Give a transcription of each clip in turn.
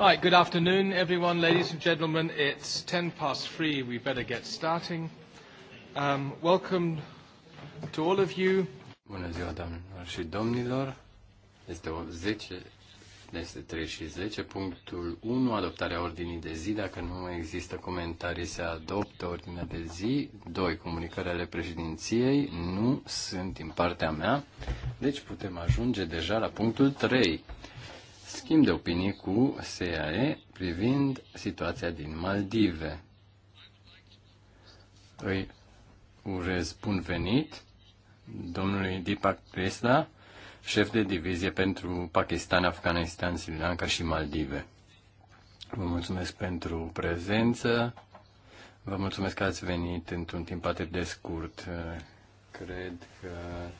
Right, good afternoon, everyone, ladies and gentlemen. It's 10 past three. We better get starting. Um, welcome to all of you. Bună ziua, doamnelor și domnilor. Este 10, este 3 și 10. Punctul 1, adoptarea ordinii de zi. Dacă nu există comentarii, se adoptă ordinea de zi. 2, Comunicările ale președinției. Nu sunt din partea mea. Deci putem ajunge deja la punctul 3 schimb de opinii cu SAE privind situația din Maldive. Îi urez bun venit domnului Deepak Krishna, șef de divizie pentru Pakistan, Afganistan, Sri Lanka și Maldive. Vă mulțumesc pentru prezență. Vă mulțumesc că ați venit într-un timp atât de scurt. Cred că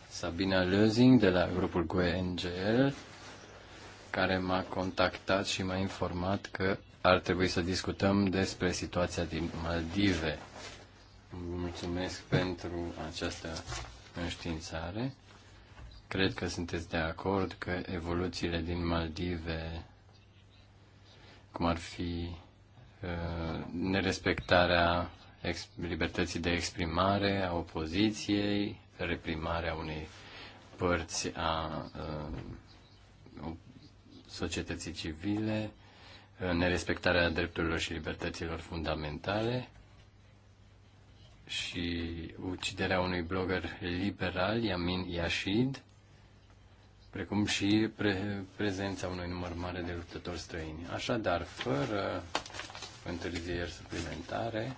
Sabina Lözing de la grupul GUE-NGL care m-a contactat și m-a informat că ar trebui să discutăm despre situația din Maldive. Vă mulțumesc pentru această înștiințare. Cred că sunteți de acord că evoluțiile din Maldive, cum ar fi uh, nerespectarea libertății de exprimare a opoziției, reprimarea unei părți a uh, societății civile, nerespectarea drepturilor și libertăților fundamentale și uciderea unui blogger liberal, Yamin Yashid, precum și pre- prezența unui număr mare de luptători străini. Așadar, fără întârzieri suplimentare,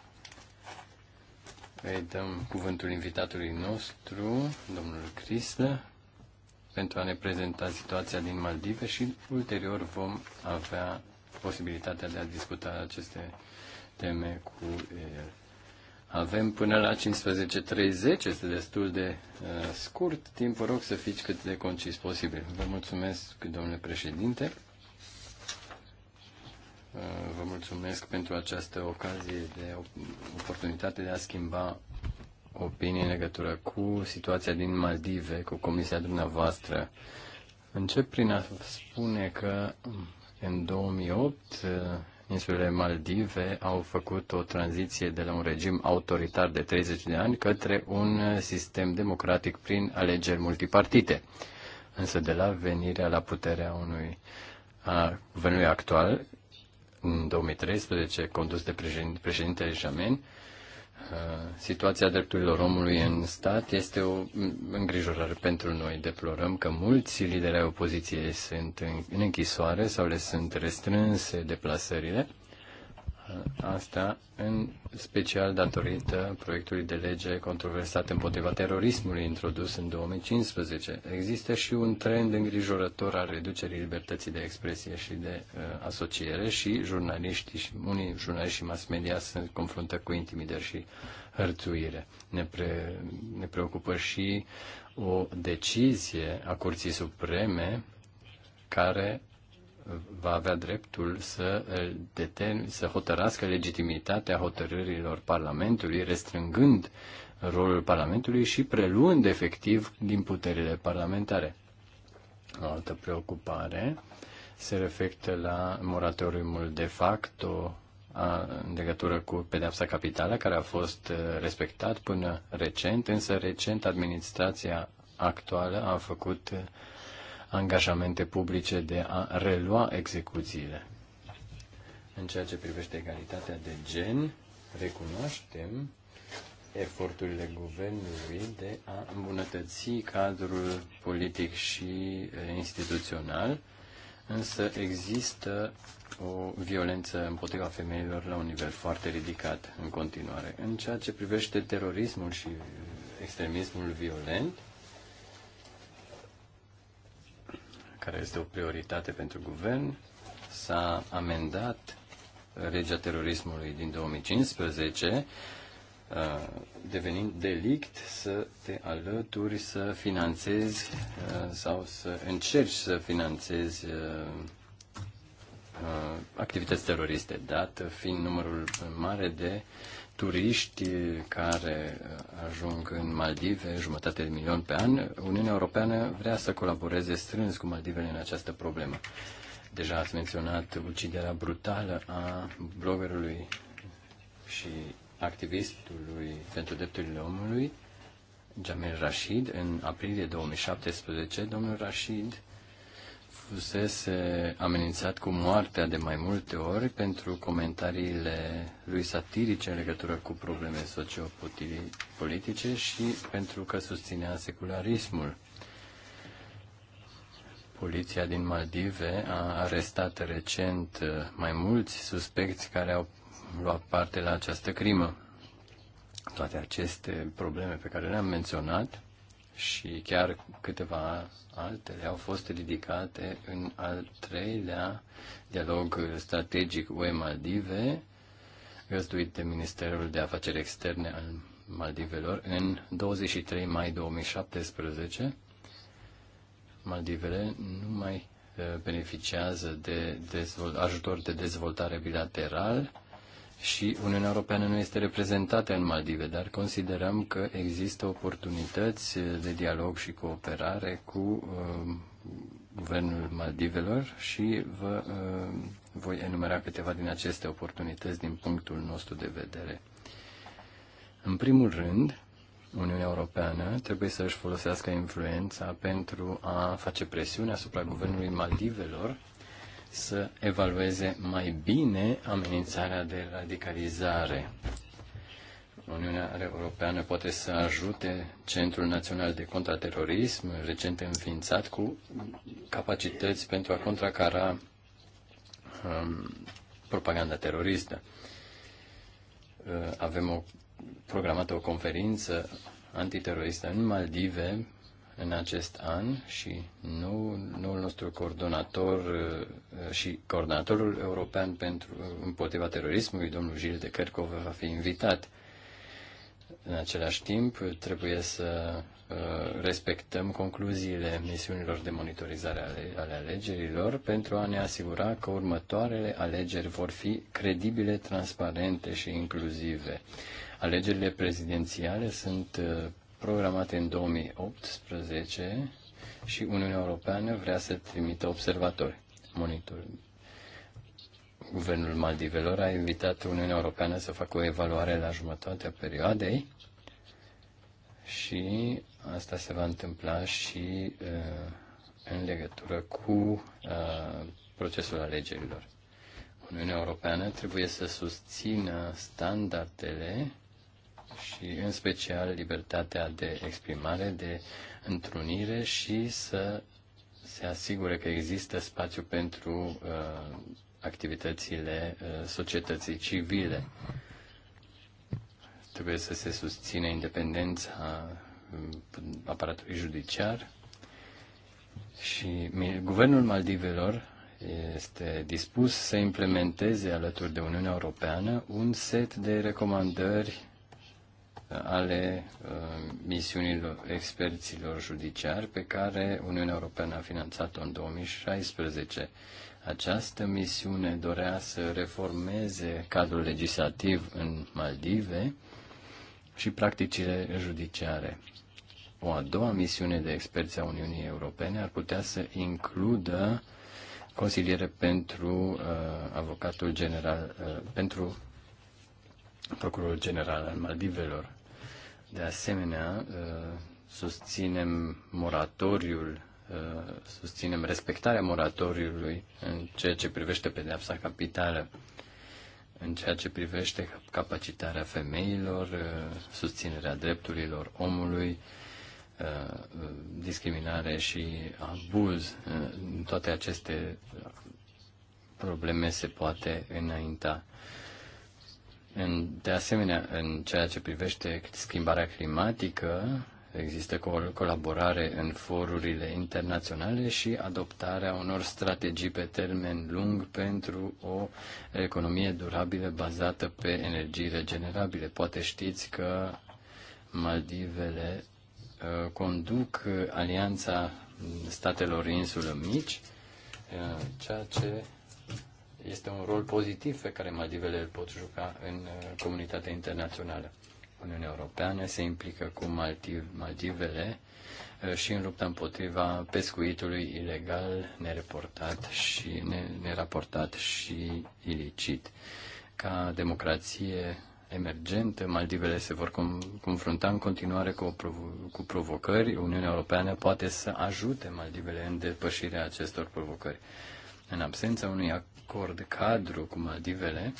îi dăm cuvântul invitatului nostru, domnul Crislă, pentru a ne prezenta situația din Maldive și ulterior vom avea posibilitatea de a discuta aceste teme cu el. Avem până la 15.30, este destul de uh, scurt timp, vă rog să fiți cât de concis posibil. Vă mulțumesc, domnule președinte. Uh, vă mulțumesc pentru această ocazie de oportunitate de a schimba opinie în legătură cu situația din Maldive, cu comisia dumneavoastră. Încep prin a spune că în 2008 uh, insulele Maldive au făcut o tranziție de la un regim autoritar de 30 de ani către un sistem democratic prin alegeri multipartite. Însă de la venirea la puterea unui a guvernului actual, în 2013, condus de președintele Jamin, situația drepturilor omului în stat este o îngrijorare pentru noi. Deplorăm că mulți lideri ai opoziției sunt în închisoare sau le sunt restrânse deplasările Asta în special datorită proiectului de lege controversat împotriva terorismului introdus în 2015. Există și un trend îngrijorător al reducerii libertății de expresie și de uh, asociere și jurnaliștii și unii jurnaliști și mass media se confruntă cu intimidări și hărțuire. Ne, pre, ne preocupă și o decizie a Curții Supreme care va avea dreptul să, deten, să hotărască legitimitatea hotărârilor Parlamentului, restrângând rolul Parlamentului și preluând efectiv din puterile parlamentare. O altă preocupare se reflectă la moratoriumul de facto a, în legătură cu pedeapsa capitală, care a fost uh, respectat până recent, însă recent administrația actuală a făcut uh, angajamente publice de a relua execuțiile. În ceea ce privește egalitatea de gen, recunoaștem eforturile guvernului de a îmbunătăți cadrul politic și eh, instituțional, însă există o violență împotriva femeilor la un nivel foarte ridicat în continuare. În ceea ce privește terorismul și eh, extremismul violent, care este o prioritate pentru guvern. S-a amendat legea terorismului din 2015, uh, devenind delict să te alături, să finanțezi uh, sau să încerci să finanțezi uh, activități teroriste, dat fiind numărul mare de uh, turiști care uh, ajung în Maldive, jumătate de milion pe an, Uniunea Europeană vrea să colaboreze strâns cu Maldivele în această problemă. Deja ați menționat uciderea brutală a bloggerului și activistului pentru drepturile omului, Jamil Rashid, în aprilie 2017. Domnul Rashid fusese amenințat cu moartea de mai multe ori pentru comentariile lui satirice în legătură cu probleme sociopolitice și pentru că susținea secularismul. Poliția din Maldive a arestat recent uh, mai mulți suspecți care au luat parte la această crimă. Toate aceste probleme pe care le-am menționat și chiar câteva altele au fost ridicate în al treilea dialog strategic UE Maldive, găzduit de Ministerul de Afaceri Externe al Maldivelor în 23 mai 2017. Maldivele nu mai eh, beneficiază de dezvol- ajutor de dezvoltare bilateral și Uniunea Europeană nu este reprezentată în Maldive, dar considerăm că există oportunități de dialog și cooperare cu uh, guvernul Maldivelor și vă uh, voi enumera câteva din aceste oportunități din punctul nostru de vedere. În primul rând, Uniunea Europeană trebuie să își folosească influența pentru a face presiune asupra guvernului Maldivelor să evalueze mai bine amenințarea de radicalizare. Uniunea Europeană poate să ajute Centrul Național de Contraterorism, recent înființat, cu capacități pentru a contracara um, propaganda teroristă. Uh, avem o, programată o conferință antiteroristă în Maldive în acest an și nu nu nostru coordonator uh, și coordonatorul european pentru uh, împotriva terorismului, domnul Gilles de Kerkov, va fi invitat. În același timp, trebuie să uh, respectăm concluziile misiunilor de monitorizare ale, ale alegerilor pentru a ne asigura că următoarele alegeri vor fi credibile, transparente și inclusive. Alegerile prezidențiale sunt programate în 2018 și Uniunea Europeană vrea să trimită observatori, monitori. Guvernul Maldivelor a invitat Uniunea Europeană să facă o evaluare la jumătatea perioadei și asta se va întâmpla și uh, în legătură cu uh, procesul alegerilor. Uniunea Europeană trebuie să susțină standardele și în special libertatea de exprimare, de întrunire și să se asigure că există spațiu pentru uh, activitățile uh, societății civile. Trebuie să se susține independența uh, aparatului judiciar și guvernul Maldivelor este dispus să implementeze alături de Uniunea Europeană un set de recomandări ale uh, misiunilor experților judiciari pe care Uniunea Europeană a finanțat-o în 2016. Această misiune dorea să reformeze cadrul legislativ în Maldive și practicile judiciare. O a doua misiune de experți a Uniunii Europene ar putea să includă consiliere pentru uh, avocatul general, uh, pentru procurorul general al Maldivelor. De asemenea, uh, susținem moratoriul, uh, susținem respectarea moratoriului în ceea ce privește pedeapsa capitală, în ceea ce privește capacitarea femeilor, uh, susținerea drepturilor omului, discriminare și abuz. În toate aceste probleme se poate înainta. În, de asemenea, în ceea ce privește schimbarea climatică, există co- colaborare în forurile internaționale și adoptarea unor strategii pe termen lung pentru o economie durabilă bazată pe energii regenerabile. Poate știți că Maldivele uh, conduc Alianța Statelor Insulă Mici, uh, ceea ce este un rol pozitiv pe care Maldivele îl pot juca în uh, comunitatea internațională. Uniunea Europeană se implică cu Maldivele uh, și în lupta împotriva pescuitului ilegal, nereportat și neraportat și ilicit. Ca democrație emergente, Maldivele se vor com- confrunta în continuare cu, provo- cu provocări. Uniunea Europeană poate să ajute Maldivele în depășirea acestor provocări. În absența unui acord cadru cu Maldivele,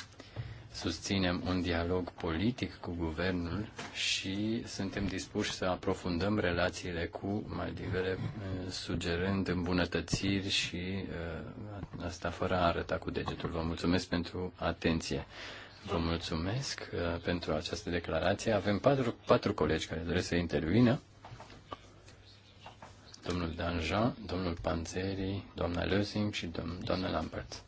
susținem un dialog politic cu guvernul și suntem dispuși să aprofundăm relațiile cu Maldivele, eh, sugerând îmbunătățiri și eh, asta fără a arăta cu degetul. Vă mulțumesc pentru atenție. Vă mulțumesc eh, pentru această declarație. Avem patru, patru colegi care doresc să intervină. Domnul Danjean, domnul Panzeri, doamna Lösing și doamna Lambert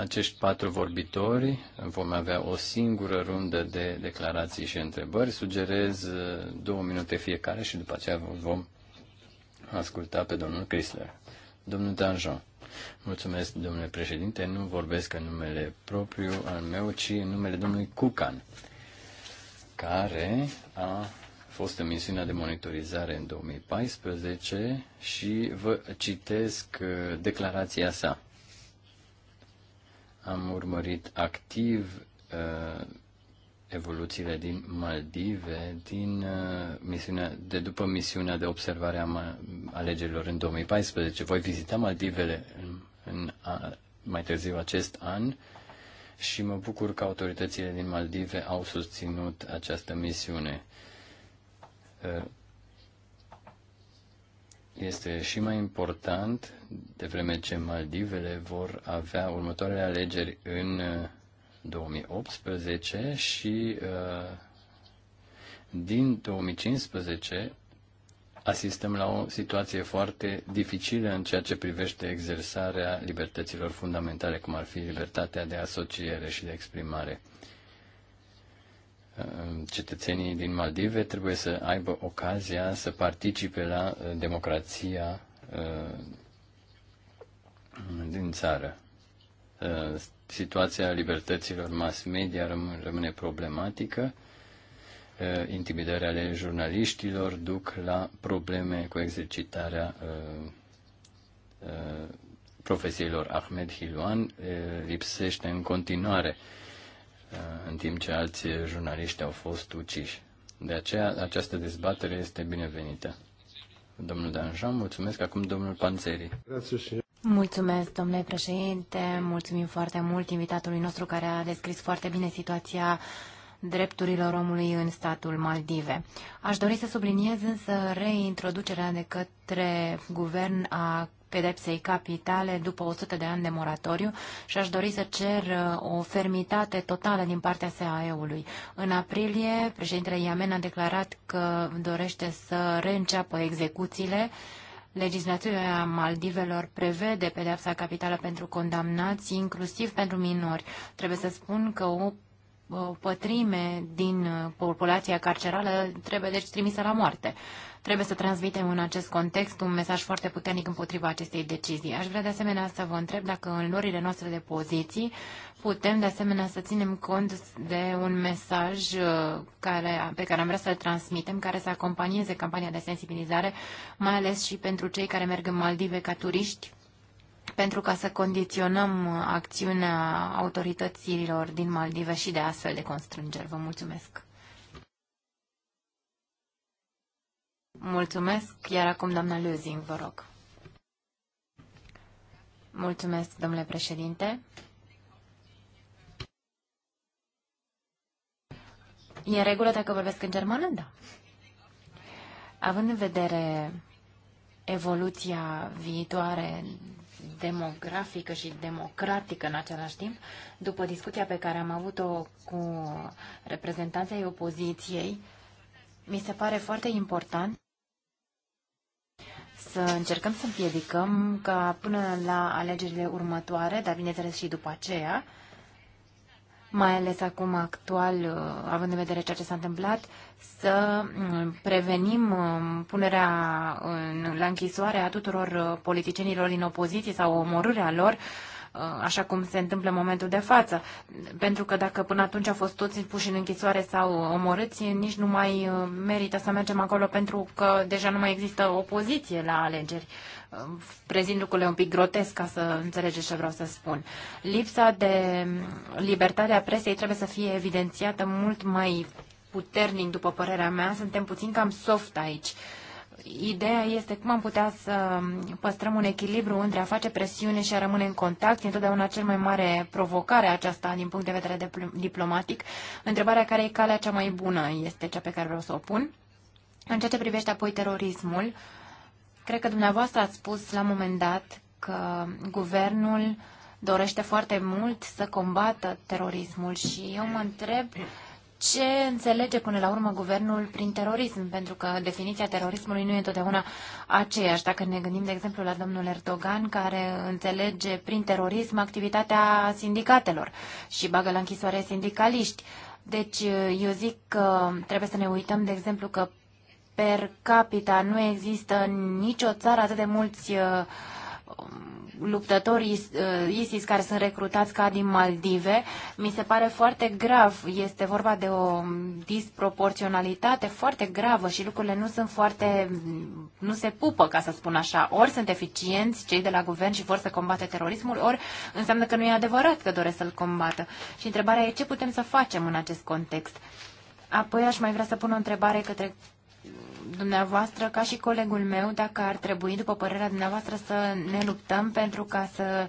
acești patru vorbitori. Vom avea o singură rundă de declarații și întrebări. Sugerez uh, două minute fiecare și după aceea vom asculta pe domnul Chrysler. Domnul Danjon. Mulțumesc, domnule președinte. Nu vorbesc în numele propriu al meu, ci în numele domnului Cucan, care a fost în misiunea de monitorizare în 2014 și vă citesc uh, declarația sa. Am urmărit activ uh, evoluțiile din Maldive, din uh, misiunea, de după misiunea de observare a alegerilor în 2014. Voi vizita Maldivele în, în a, mai târziu acest an și mă bucur că autoritățile din Maldive au susținut această misiune. Uh, este și mai important de vreme ce Maldivele vor avea următoarele alegeri în 2018 uh, și uh, din 2015 asistăm la o situație foarte dificilă în ceea ce privește exersarea libertăților fundamentale, cum ar fi libertatea de asociere și de exprimare cetățenii din Maldive trebuie să aibă ocazia să participe la uh, democrația uh, din țară. Uh, situația libertăților mass media rămâne problematică. Intimidarea ale jurnaliștilor duc la probleme cu exercitarea profesiilor Ahmed Hiluan lipsește în continuare. Uh, în timp ce alți jurnaliști au fost uciși. De aceea, această dezbatere este binevenită. Domnul Danjean, mulțumesc. Acum domnul Panțeri. Mulțumesc, domnule președinte. Mulțumim foarte mult invitatului nostru care a descris foarte bine situația drepturilor omului în statul Maldive. Aș dori să subliniez însă reintroducerea de către guvern a pedepsei capitale după 100 de ani de moratoriu și aș dori să cer uh, o fermitate totală din partea SAE-ului. În aprilie, președintele Iamen a declarat că dorește să reînceapă execuțiile Legislația Maldivelor prevede pedepsa capitală pentru condamnați, inclusiv pentru minori. Trebuie să spun că o o pătrime din uh, populația carcerală trebuie deci trimisă la moarte. Trebuie să transmitem în acest context un mesaj foarte puternic împotriva acestei decizii. Aș vrea de asemenea să vă întreb dacă în lorile noastre de poziții putem de asemenea să ținem cont de un mesaj uh, care, pe care am vrea să-l transmitem, care să acompanieze campania de sensibilizare, mai ales și pentru cei care merg în Maldive ca turiști pentru ca să condiționăm acțiunea autorităților din Maldive și de astfel de constrângeri. Vă mulțumesc! Mulțumesc, iar acum doamna Lözing, vă rog. Mulțumesc, domnule președinte. E în regulă dacă vorbesc în germană? Da. Având în vedere evoluția viitoare demografică și democratică în același timp. După discuția pe care am avut-o cu reprezentanții opoziției, mi se pare foarte important să încercăm să împiedicăm ca până la alegerile următoare, dar bineînțeles și după aceea, mai ales acum actual, uh, având în vedere ceea ce s-a întâmplat, să mm, prevenim mm, punerea în, la închisoare a tuturor uh, politicienilor din opoziție sau omorârea lor, Uh, așa cum se întâmplă în momentul de față. Pentru că dacă până atunci au fost toți puși în închisoare sau omorâți, nici nu mai uh, merită să mergem acolo pentru că deja nu mai există opoziție la alegeri. Uh, prezint lucrurile un pic grotesc ca să înțelegeți ce vreau să spun. Lipsa de um, libertate a presei trebuie să fie evidențiată mult mai puternic, după părerea mea. Suntem puțin cam soft aici. Uh, ideea este cum am putea să păstrăm un echilibru între a face presiune și a rămâne în contact. E întotdeauna cel mai mare provocare aceasta din punct de vedere diplomatic. Întrebarea care e calea cea mai bună este cea pe care vreau să o pun. În ceea ce privește apoi terorismul, cred că dumneavoastră ați spus la un moment dat că guvernul dorește foarte mult să combată terorismul și eu mă întreb ce înțelege până la urmă guvernul prin terorism, pentru că definiția terorismului nu e întotdeauna aceeași. Dacă ne gândim, de exemplu, la domnul Erdogan, care înțelege prin terorism activitatea sindicatelor și bagă la închisoare sindicaliști. Deci, eu zic că trebuie să ne uităm, de exemplu, că per capita nu există nicio țară atât de mulți uh, luptători uh, ISIS care sunt recrutați ca din Maldive, mi se pare foarte grav. Este vorba de o disproporționalitate foarte gravă și lucrurile nu sunt foarte, nu se pupă, ca să spun așa. Ori sunt eficienți cei de la guvern și vor să combate terorismul, ori înseamnă că nu e adevărat că doresc să-l combată. Și întrebarea e ce putem să facem în acest context. Apoi aș mai vrea să pun o întrebare către dumneavoastră, ca și colegul meu, dacă ar trebui, după părerea dumneavoastră, să ne luptăm pentru ca să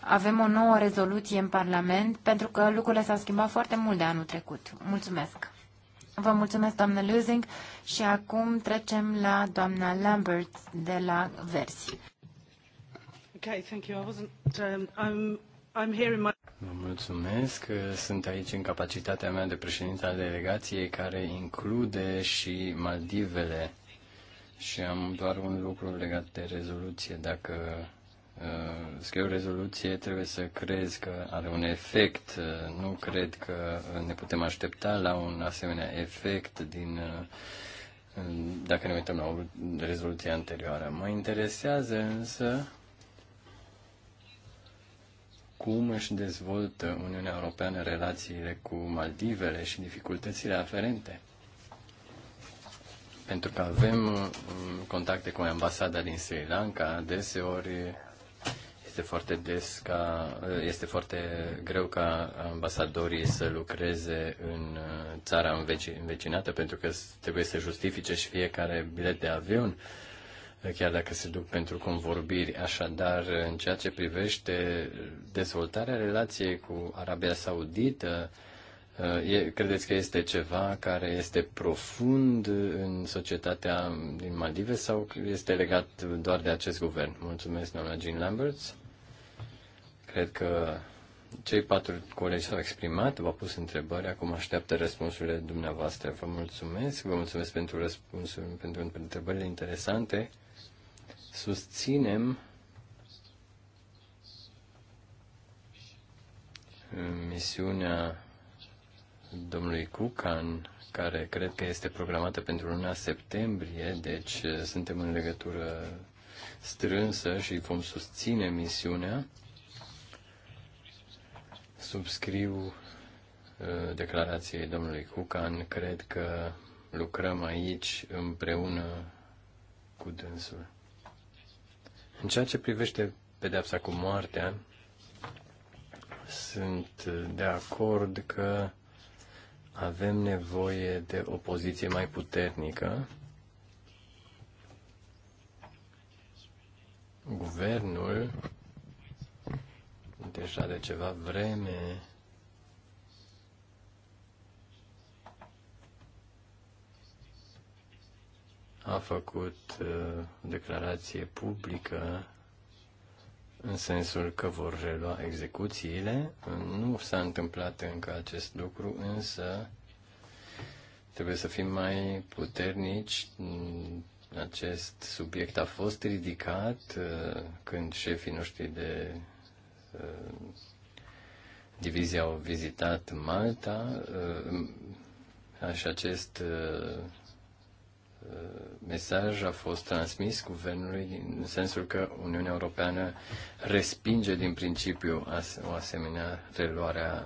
avem o nouă rezoluție în Parlament, pentru că lucrurile s-au schimbat foarte mult de anul trecut. Mulțumesc! Vă mulțumesc, doamnă Lusing, și acum trecem la doamna Lambert de la Versi. Okay, thank you. I wasn't, um, I'm, I'm here in my... Vă mulțumesc. Sunt aici în capacitatea mea de președinte al delegației care include și Maldivele. Și am doar un lucru legat de rezoluție. Dacă uh, scriu rezoluție, trebuie să crezi că are un efect. Uh, nu cred că ne putem aștepta la un asemenea efect din uh, dacă ne uităm la o rezoluție anterioară. Mă interesează însă cum își dezvoltă Uniunea Europeană relațiile cu Maldivele și dificultățile aferente. Pentru că avem uh, contacte cu ambasada din Sri Lanka, deseori este foarte des ca, uh, este foarte greu ca ambasadorii să lucreze în uh, țara învecinată pentru că trebuie să justifice și fiecare bilet de avion chiar dacă se duc pentru convorbiri. Așadar, în ceea ce privește dezvoltarea relației cu Arabia Saudită, credeți că este ceva care este profund în societatea din Maldive sau este legat doar de acest guvern? Mulțumesc, doamna Jean Lamberts. Cred că cei patru colegi s-au exprimat, v-au pus întrebări, acum așteaptă răspunsurile dumneavoastră. Vă mulțumesc, vă mulțumesc pentru răspunsuri, pentru întrebările interesante susținem uh, misiunea domnului Cucan, care cred că este programată pentru luna septembrie, deci uh, suntem în legătură strânsă și vom susține misiunea. Subscriu uh, declarației domnului Cucan, cred că lucrăm aici împreună cu dânsul. În ceea ce privește pedepsa cu moartea, sunt de acord că avem nevoie de o poziție mai puternică. Guvernul deja de ceva vreme a făcut uh, declarație publică în sensul că vor relua execuțiile. Nu s-a întâmplat încă acest lucru, însă trebuie să fim mai puternici. Acest subiect a fost ridicat uh, când șefii noștri de uh, divizia au vizitat Malta uh, și acest mesaj a fost transmis guvernului în sensul că Uniunea Europeană respinge din principiu o asemenea reluare a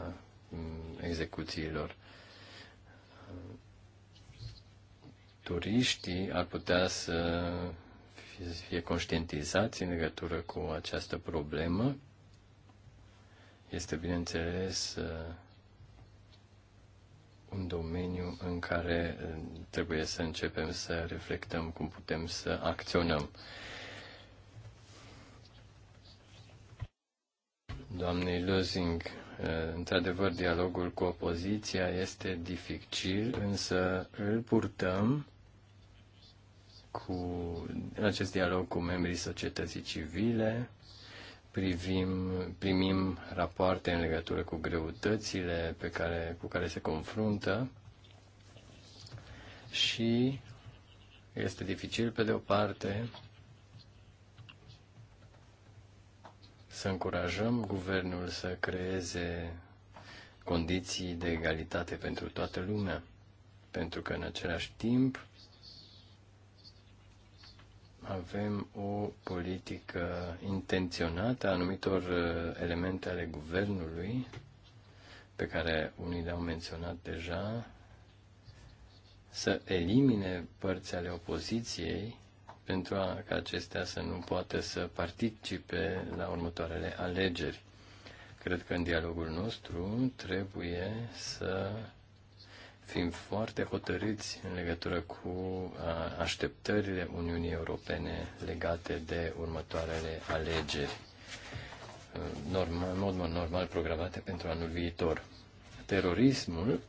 mm, execuțiilor. Turiștii ar putea să fie conștientizați în legătură cu această problemă. Este, bineînțeles, un domeniu în care uh, trebuie să începem să reflectăm cum putem să acționăm. Doamnei Lozing, uh, într-adevăr, dialogul cu opoziția este dificil, însă îl purtăm cu acest dialog cu membrii societății civile, privim, primim rapoarte în legătură cu greutățile pe care, cu care se confruntă și este dificil, pe de o parte, să încurajăm guvernul să creeze condiții de egalitate pentru toată lumea, pentru că în același timp avem o politică intenționată a anumitor uh, elemente ale guvernului, pe care unii le-au menționat deja, să elimine părți ale opoziției pentru a, ca acestea să nu poată să participe la următoarele alegeri. Cred că în dialogul nostru trebuie să fim foarte hotărâți în legătură cu așteptările Uniunii Europene legate de următoarele alegeri, normal, în mod normal programate pentru anul viitor. Terorismul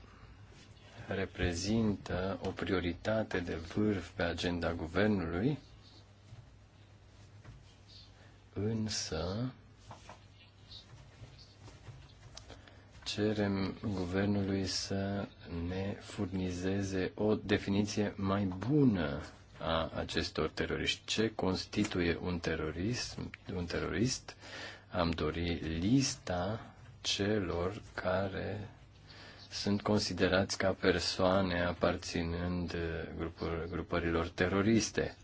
reprezintă o prioritate de vârf pe agenda guvernului, însă cerem guvernului să ne furnizeze o definiție mai bună a acestor teroriști. Ce constituie un terorist? Un terorist am dori lista celor care sunt considerați ca persoane aparținând uh, grupuri, grupărilor teroriste.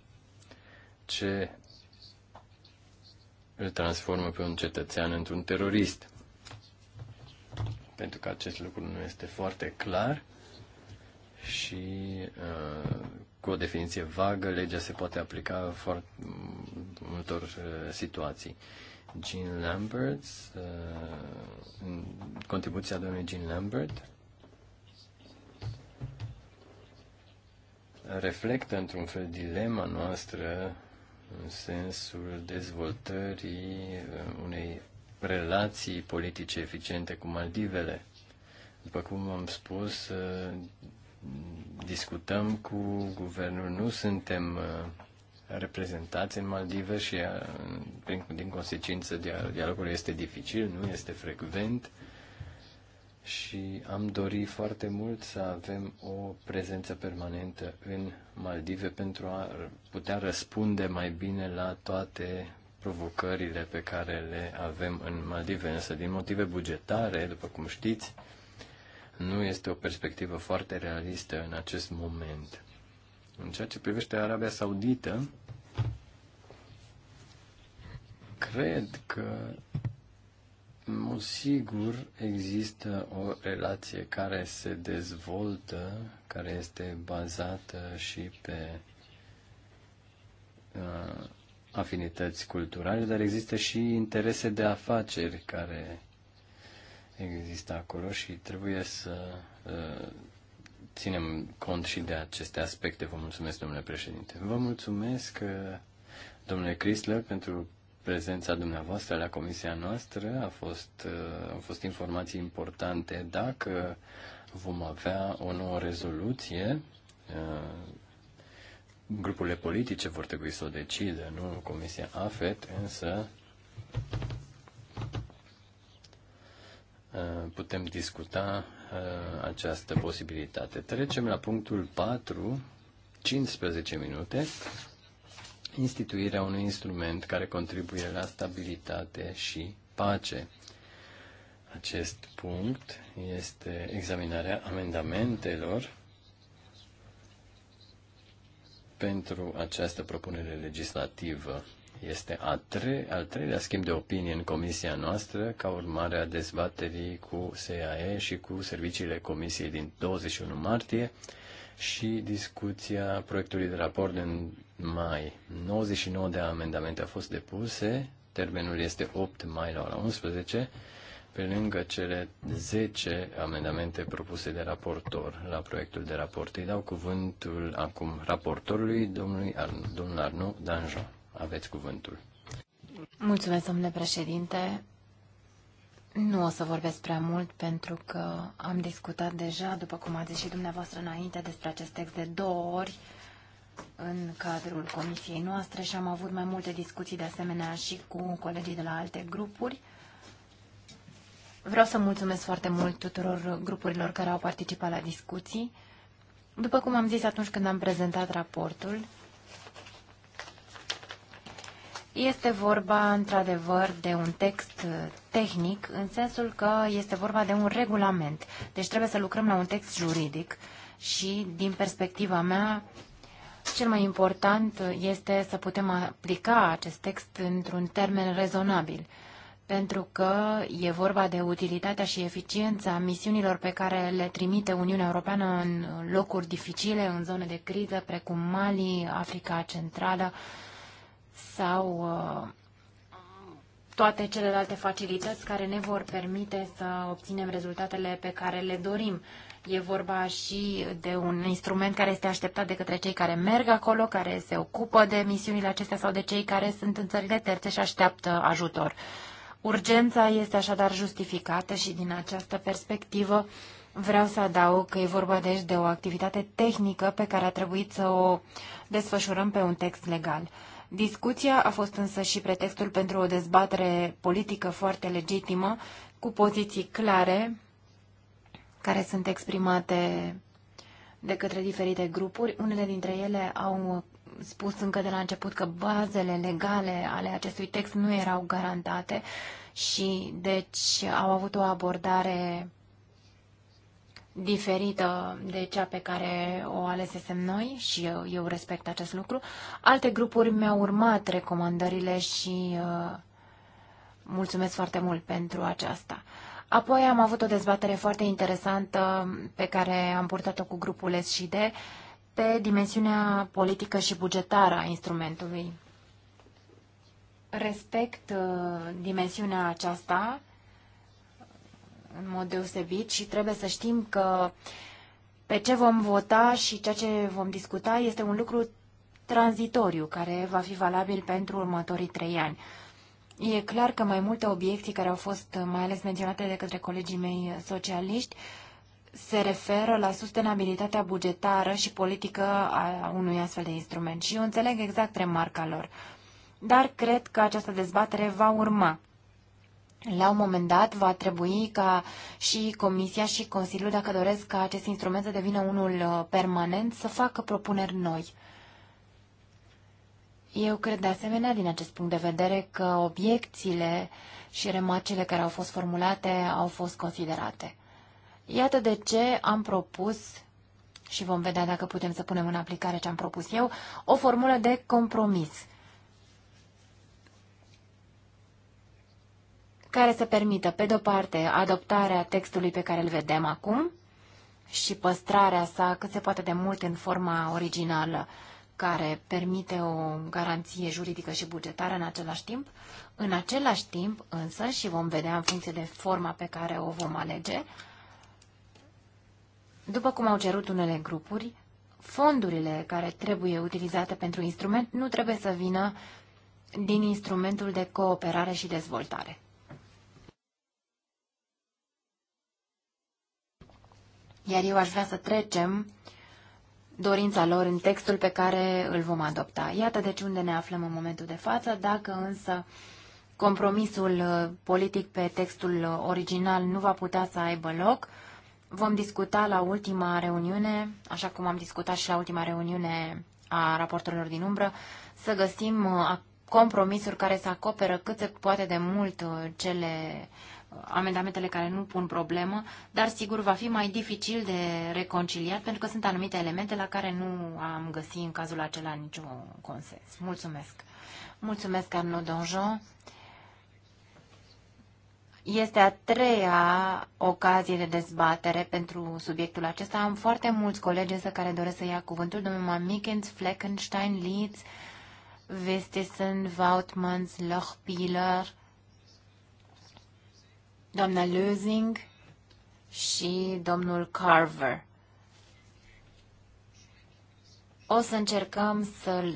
Ce îl transformă pe un cetățean într-un terorist? pentru că acest lucru nu este foarte clar și uh, cu o definiție vagă, legea se poate aplica foarte mm, multor uh, situații. Jean Lambert, uh, contribuția domnului Jean Lambert, reflectă într-un fel dilema noastră în sensul dezvoltării unei relații politice eficiente cu Maldivele. După cum am spus, uh, discutăm cu guvernul, nu suntem uh, reprezentați în Maldive și prin, uh, din consecință dialogul este dificil, nu este frecvent și am dorit foarte mult să avem o prezență permanentă în Maldive pentru a putea răspunde mai bine la toate provocările pe care le avem în Maldive, însă din motive bugetare, după cum știți, nu este o perspectivă foarte realistă în acest moment. În ceea ce privește Arabia Saudită, cred că, în mod sigur, există o relație care se dezvoltă, care este bazată și pe uh, afinități culturale, dar există și interese de afaceri care există acolo și trebuie să uh, ținem cont și de aceste aspecte. Vă mulțumesc, domnule președinte. Vă mulțumesc, uh, domnule Crislă, pentru prezența dumneavoastră la comisia noastră. A fost, uh, au fost informații importante. Dacă vom avea o nouă rezoluție, grupurile politice vor trebui să o decide, nu Comisia AFET, însă uh, putem discuta uh, această posibilitate. Trecem la punctul 4, 15 minute, instituirea unui instrument care contribuie la stabilitate și pace. Acest punct este examinarea amendamentelor pentru această propunere legislativă. Este a tre- al treilea schimb de opinie în comisia noastră ca urmare a dezbaterii cu SAE și cu serviciile comisiei din 21 martie și discuția proiectului de raport în mai. 99 de amendamente au fost depuse, termenul este 8 mai la ora 11 pe lângă cele 10 amendamente propuse de raportor la proiectul de raport. Îi dau cuvântul acum raportorului, domnului Arnu, domnul Arnu Danjon. Aveți cuvântul. Mulțumesc, domnule președinte. Nu o să vorbesc prea mult pentru că am discutat deja, după cum ați zis și dumneavoastră înainte, despre acest text de două ori în cadrul comisiei noastre și am avut mai multe discuții de asemenea și cu colegii de la alte grupuri. Vreau să mulțumesc foarte mult tuturor grupurilor care au participat la discuții. După cum am zis atunci când am prezentat raportul, este vorba într-adevăr de un text tehnic, în sensul că este vorba de un regulament. Deci trebuie să lucrăm la un text juridic și, din perspectiva mea, cel mai important este să putem aplica acest text într-un termen rezonabil pentru că e vorba de utilitatea și eficiența misiunilor pe care le trimite Uniunea Europeană în locuri dificile, în zone de criză, precum Mali, Africa Centrală sau uh, toate celelalte facilități care ne vor permite să obținem rezultatele pe care le dorim. E vorba și de un instrument care este așteptat de către cei care merg acolo, care se ocupă de misiunile acestea sau de cei care sunt în țările terțe și așteaptă ajutor. Urgența este așadar justificată și din această perspectivă vreau să adaug că e vorba deci de o activitate tehnică pe care a trebuit să o desfășurăm pe un text legal. Discuția a fost însă și pretextul pentru o dezbatere politică foarte legitimă, cu poziții clare, care sunt exprimate de către diferite grupuri. Unele dintre ele au spus încă de la început că bazele legale ale acestui text nu erau garantate și deci au avut o abordare diferită de cea pe care o alesesem noi și eu, eu respect acest lucru. Alte grupuri mi-au urmat recomandările și uh, mulțumesc foarte mult pentru aceasta. Apoi am avut o dezbatere foarte interesantă pe care am purtat-o cu grupul SCD pe dimensiunea politică și bugetară a instrumentului. Respect uh, dimensiunea aceasta în mod deosebit și trebuie să știm că pe ce vom vota și ceea ce vom discuta este un lucru tranzitoriu care va fi valabil pentru următorii trei ani. E clar că mai multe obiecții care au fost mai ales menționate de către colegii mei socialiști uh, se referă la sustenabilitatea bugetară și politică a unui astfel de instrument. Și eu înțeleg exact remarca lor. Dar cred că această dezbatere va urma. La un moment dat va trebui ca și Comisia și Consiliul, dacă doresc ca acest instrument să devină unul uh, permanent, să facă propuneri noi. Eu cred de asemenea, din acest punct de vedere, că obiecțiile și remarcile care au fost formulate au fost considerate. Iată de ce am propus și vom vedea dacă putem să punem în aplicare ce am propus eu, o formulă de compromis care să permită, pe de-o parte, adoptarea textului pe care îl vedem acum și păstrarea sa cât se poate de mult în forma originală care permite o garanție juridică și bugetară în același timp. În același timp, însă, și vom vedea în funcție de forma pe care o vom alege, după cum au cerut unele grupuri, fondurile care trebuie utilizate pentru instrument nu trebuie să vină din instrumentul de cooperare și dezvoltare. Iar eu aș vrea să trecem dorința lor în textul pe care îl vom adopta. Iată deci unde ne aflăm în momentul de față, dacă însă compromisul politic pe textul original nu va putea să aibă loc, Vom discuta la ultima reuniune, așa cum am discutat și la ultima reuniune a raportorilor din umbră, să găsim uh, compromisuri care să acoperă cât se poate de mult uh, cele uh, amendamentele care nu pun problemă, dar sigur va fi mai dificil de reconciliat pentru că sunt anumite elemente la care nu am găsit în cazul acela niciun consens. Mulțumesc! Mulțumesc, Arnaud Donjon! Este a treia ocazie de dezbatere pentru subiectul acesta. Am foarte mulți colegi însă care doresc să ia cuvântul. Domnul Mamikens, Fleckenstein, Leeds, Vestesen, Vautmans, Lochpiller, doamna Lösing și domnul Carver. O să încercăm să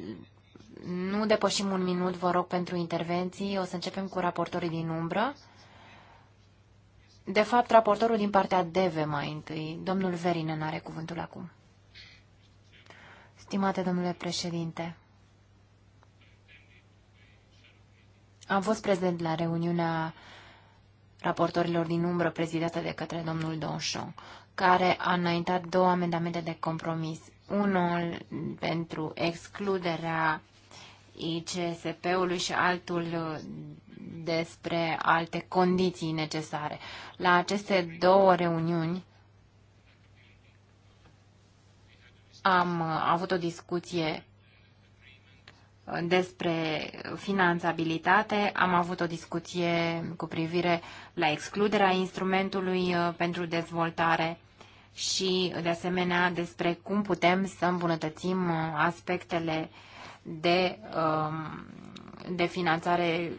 nu depășim un minut, vă rog, pentru intervenții. O să începem cu raportorii din umbră de fapt, raportorul din partea DEVE mai întâi, domnul Verinen, are cuvântul acum. Stimate domnule președinte, am fost prezent la reuniunea raportorilor din umbră prezidată de către domnul Donșon, care a înaintat două amendamente de compromis. Unul pentru excluderea ICSP-ului și altul uh, despre alte condiții necesare. La aceste două reuniuni am uh, avut o discuție uh, despre finanțabilitate, am avut o discuție cu privire la excluderea instrumentului pentru dezvoltare și, de asemenea, despre cum putem să îmbunătățim aspectele uh, de, um, de finanțare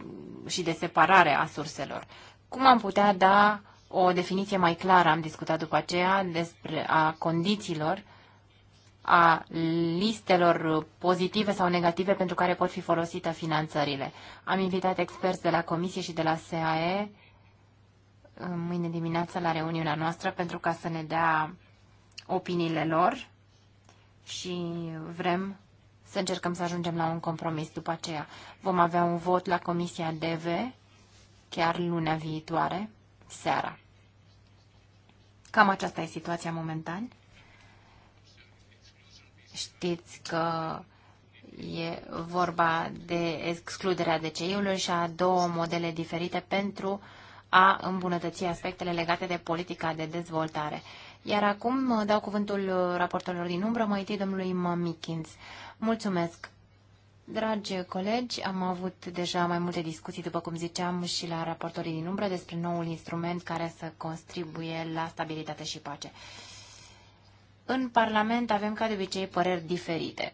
și de separare a surselor. Cum am putea da o definiție mai clară, am discutat după aceea, despre a condițiilor, a listelor pozitive sau negative pentru care pot fi folosite finanțările. Am invitat experți de la Comisie și de la SAE mâine dimineață la reuniunea noastră pentru ca să ne dea opiniile lor și vrem să încercăm să ajungem la un compromis după aceea. Vom avea un vot la Comisia DV chiar lunea viitoare, seara. Cam aceasta e situația momentan. Știți că e vorba de excluderea DCI-ului și a două modele diferite pentru a îmbunătăți aspectele legate de politica de dezvoltare. Iar acum uh, dau cuvântul uh, raportorilor din umbră, mai întâi domnului Mamikins. Mulțumesc! Dragi colegi, am avut deja mai multe discuții, după cum ziceam, și la raportorii din umbră despre noul instrument care să contribuie la stabilitate și pace. În Parlament avem, ca de obicei, păreri diferite.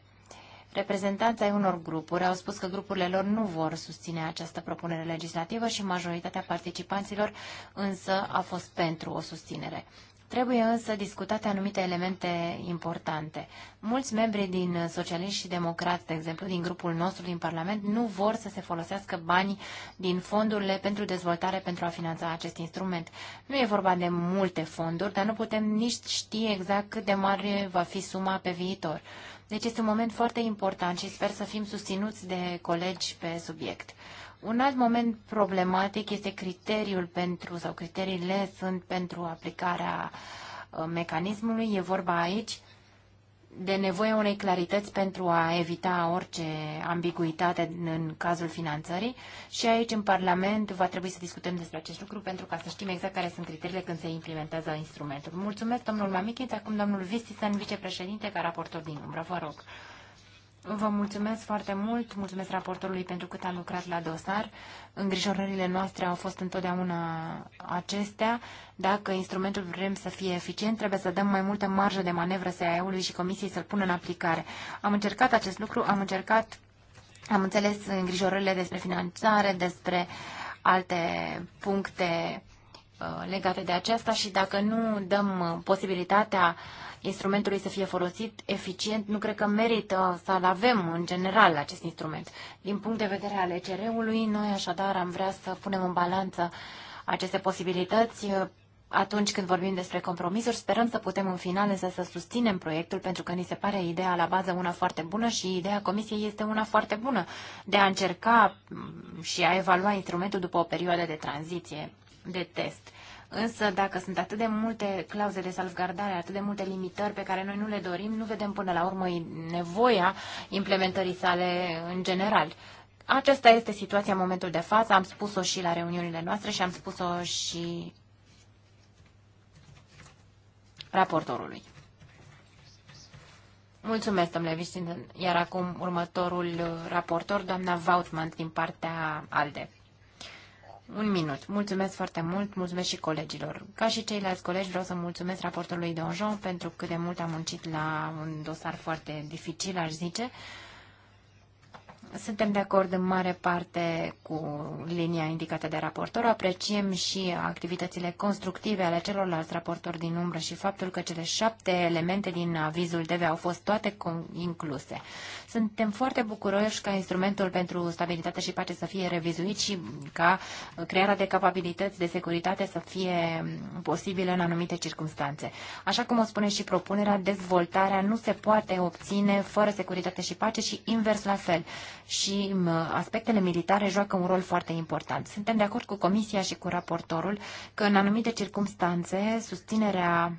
Reprezentanții unor grupuri au spus că grupurile lor nu vor susține această propunere legislativă și majoritatea participanților însă a fost pentru o susținere. Trebuie însă discutate anumite elemente importante. Mulți membri din socialiști și democrați, de exemplu, din grupul nostru din Parlament, nu vor să se folosească bani din fondurile pentru dezvoltare pentru a finanța acest instrument. Nu e vorba de multe fonduri, dar nu putem nici ști exact cât de mare va fi suma pe viitor. Deci este un moment foarte important și sper să fim susținuți de colegi pe subiect. Un alt moment problematic este criteriul pentru, sau criteriile sunt pentru aplicarea uh, mecanismului. E vorba aici de nevoia unei clarități pentru a evita orice ambiguitate în cazul finanțării și aici în Parlament va trebui să discutăm despre acest lucru pentru ca să știm exact care sunt criteriile când se implementează instrumentul. Mulțumesc, domnul Mamichit, acum domnul Vistisan, vicepreședinte ca raportor din umbră. Vă rog. Vă mulțumesc foarte mult, mulțumesc raportorului pentru cât a lucrat la dosar. Îngrijorările noastre au fost întotdeauna acestea. Dacă instrumentul vrem să fie eficient, trebuie să dăm mai multă marjă de manevră SAE-ului și Comisiei să-l pună în aplicare. Am încercat acest lucru, am încercat, am înțeles îngrijorările despre finanțare, despre alte puncte uh, legate de aceasta și dacă nu dăm posibilitatea uh, instrumentului să fie folosit eficient, nu cred că merită să-l avem în general acest instrument. Din punct de vedere al ECR-ului, noi așadar am vrea să punem în balanță aceste posibilități atunci când vorbim despre compromisuri, sperăm să putem în final însă să susținem proiectul, pentru că ni se pare ideea la bază una foarte bună și ideea Comisiei este una foarte bună de a încerca mm, și a evalua instrumentul după o perioadă de tranziție, de test. Însă, dacă sunt atât de multe clauze de salvgardare, atât de multe limitări pe care noi nu le dorim, nu vedem până la urmă nevoia implementării sale în general. Aceasta este situația în momentul de față, am spus-o și la reuniunile noastre și am spus-o și raportorului. Mulțumesc, domnule Vistin, Iar acum următorul raportor, doamna Vautman, din partea ALDE. Un minut. Mulțumesc foarte mult, mulțumesc și colegilor. Ca și ceilalți colegi, vreau să mulțumesc raportorului Donjon pentru cât de mult a muncit la un dosar foarte dificil, aș zice. Suntem de acord în mare parte cu linia indicată de raportor. Apreciem și activitățile constructive ale celorlalți raportori din umbră și faptul că cele șapte elemente din avizul DV au fost toate incluse. Suntem foarte bucuroși ca instrumentul pentru stabilitate și pace să fie revizuit și ca crearea de capabilități de securitate să fie posibilă în anumite circunstanțe. Așa cum o spune și propunerea, dezvoltarea nu se poate obține fără securitate și pace și invers la fel. Și aspectele militare joacă un rol foarte important. Suntem de acord cu Comisia și cu raportorul că în anumite circunstanțe susținerea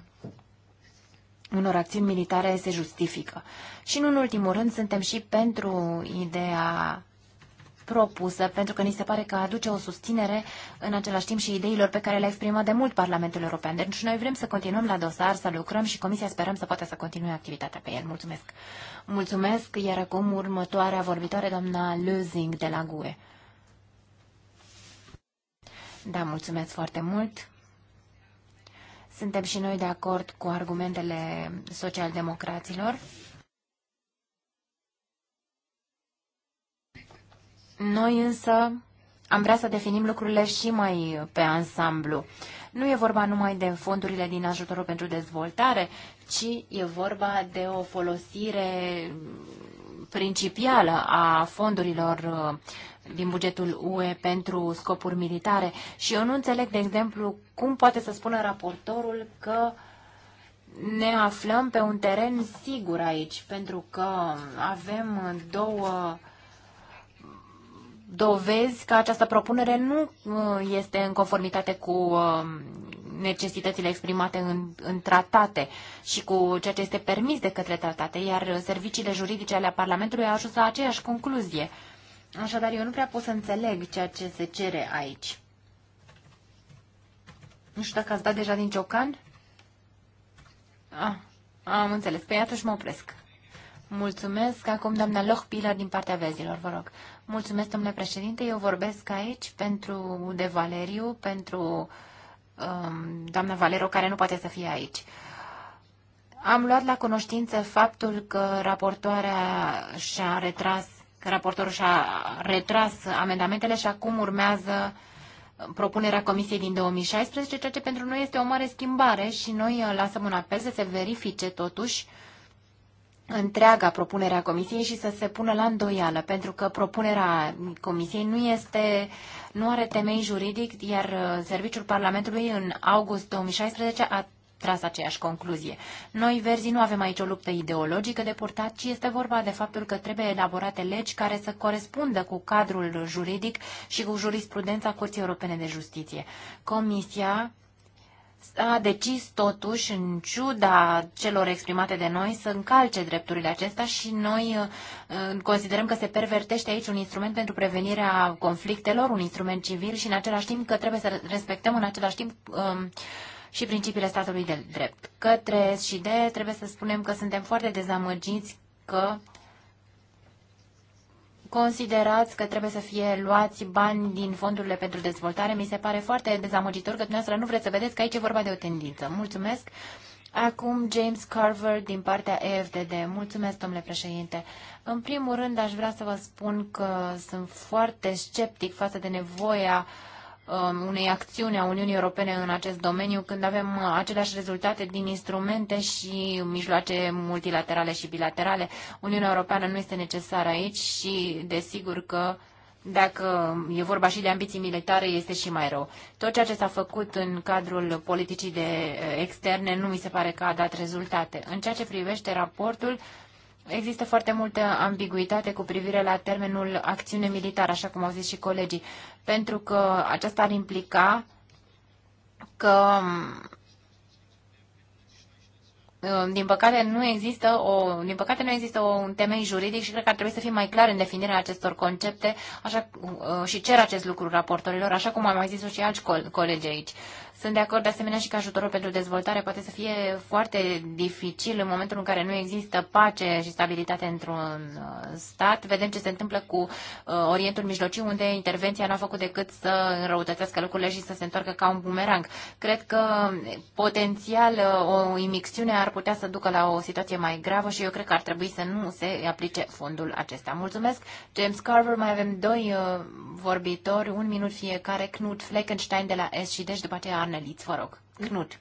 unor acțiuni militare se justifică. Și nu în ultimul rând suntem și pentru ideea propusă, pentru că ni se pare că aduce o susținere în același timp și ideilor pe care le-a exprimat de mult Parlamentul European. Deci noi vrem să continuăm la dosar, să lucrăm și Comisia sperăm să poată să continue activitatea pe el. Mulțumesc! Mulțumesc, iar acum următoarea vorbitoare, doamna Lusing de la GUE. Da, mulțumesc foarte mult! Suntem și noi de acord cu argumentele socialdemocraților. Noi însă am vrea să definim lucrurile și mai pe ansamblu. Nu e vorba numai de fondurile din ajutorul pentru dezvoltare, ci e vorba de o folosire principială a fondurilor din bugetul UE pentru scopuri militare. Și eu nu înțeleg, de exemplu, cum poate să spună raportorul că ne aflăm pe un teren sigur aici, pentru că avem două dovezi că această propunere nu uh, este în conformitate cu uh, necesitățile exprimate în, în tratate și cu ceea ce este permis de către tratate, iar serviciile juridice ale Parlamentului au ajuns la aceeași concluzie. Așadar, eu nu prea pot să înțeleg ceea ce se cere aici. Nu știu dacă ați dat deja din ciocan. Ah, am înțeles. Păi atunci mă opresc. Mulțumesc. Acum, doamna Lohpila, din partea vezilor, vă rog. Mulțumesc, domnule președinte. Eu vorbesc aici pentru de Valeriu, pentru um, doamna Valero, care nu poate să fie aici. Am luat la cunoștință faptul că raportoarea și-a retras că raportorul și-a retras amendamentele și acum urmează propunerea Comisiei din 2016, ceea ce pentru noi este o mare schimbare și noi uh, lasăm un apel să se verifice totuși întreaga propunerea Comisiei și să se pună la îndoială, pentru că propunerea Comisiei nu este, nu are temei juridic, iar uh, Serviciul Parlamentului în august 2016 a tras aceeași concluzie. Noi, verzii, nu avem aici o luptă ideologică de purtat, ci este vorba de faptul că trebuie elaborate legi care să corespundă cu cadrul juridic și cu jurisprudența Curții Europene de Justiție. Comisia a decis totuși, în ciuda celor exprimate de noi, să încalce drepturile acestea și noi uh, uh, considerăm că se pervertește aici un instrument pentru prevenirea conflictelor, un instrument civil și în același timp că trebuie să respectăm în același timp um, și principiile statului de drept. Către de trebuie să spunem că suntem foarte dezamăgiți că considerați că trebuie să fie luați bani din fondurile pentru dezvoltare. Mi se pare foarte dezamăgitor că dumneavoastră nu vreți să vedeți că aici e vorba de o tendință. Mulțumesc! Acum James Carver din partea EFDD. Mulțumesc, domnule președinte. În primul rând, aș vrea să vă spun că sunt foarte sceptic față de nevoia uh, Um, unei acțiuni a Uniunii Europene în acest domeniu când avem uh, aceleași rezultate din instrumente și mijloace multilaterale și bilaterale. Uniunea Europeană nu este necesară aici și desigur că dacă e vorba și de ambiții militare, este și mai rău. Tot ceea ce s-a făcut în cadrul politicii de uh, externe nu mi se pare că a dat rezultate. În ceea ce privește raportul, uh, Există foarte multă ambiguitate cu privire la termenul acțiune militară, așa cum au zis și colegii, pentru că aceasta ar implica că mm, din păcate nu există o, din păcate nu există o, un temei juridic și cred că ar trebui să fim mai clar în definirea acestor concepte așa, uh, și cer acest lucru raportorilor, așa cum am mai zis și alți colegi aici. Sunt de acord de asemenea și că ajutorul pentru dezvoltare poate să fie foarte dificil în momentul în care nu există pace și stabilitate într-un uh, stat. Vedem ce se întâmplă cu uh, Orientul Mijlociu, unde intervenția nu a făcut decât să înrăutățească lucrurile și să se întoarcă ca un bumerang. Cred că potențial uh, o imixtiune ar putea să ducă la o situație mai gravă și eu cred că ar trebui să nu se aplice fondul acesta. Mulțumesc, James Carver. Mai avem doi vorbitori, un minut fiecare, Knut Fleckenstein de la S și deci după aceea Arne domnule vă rog. Gnut.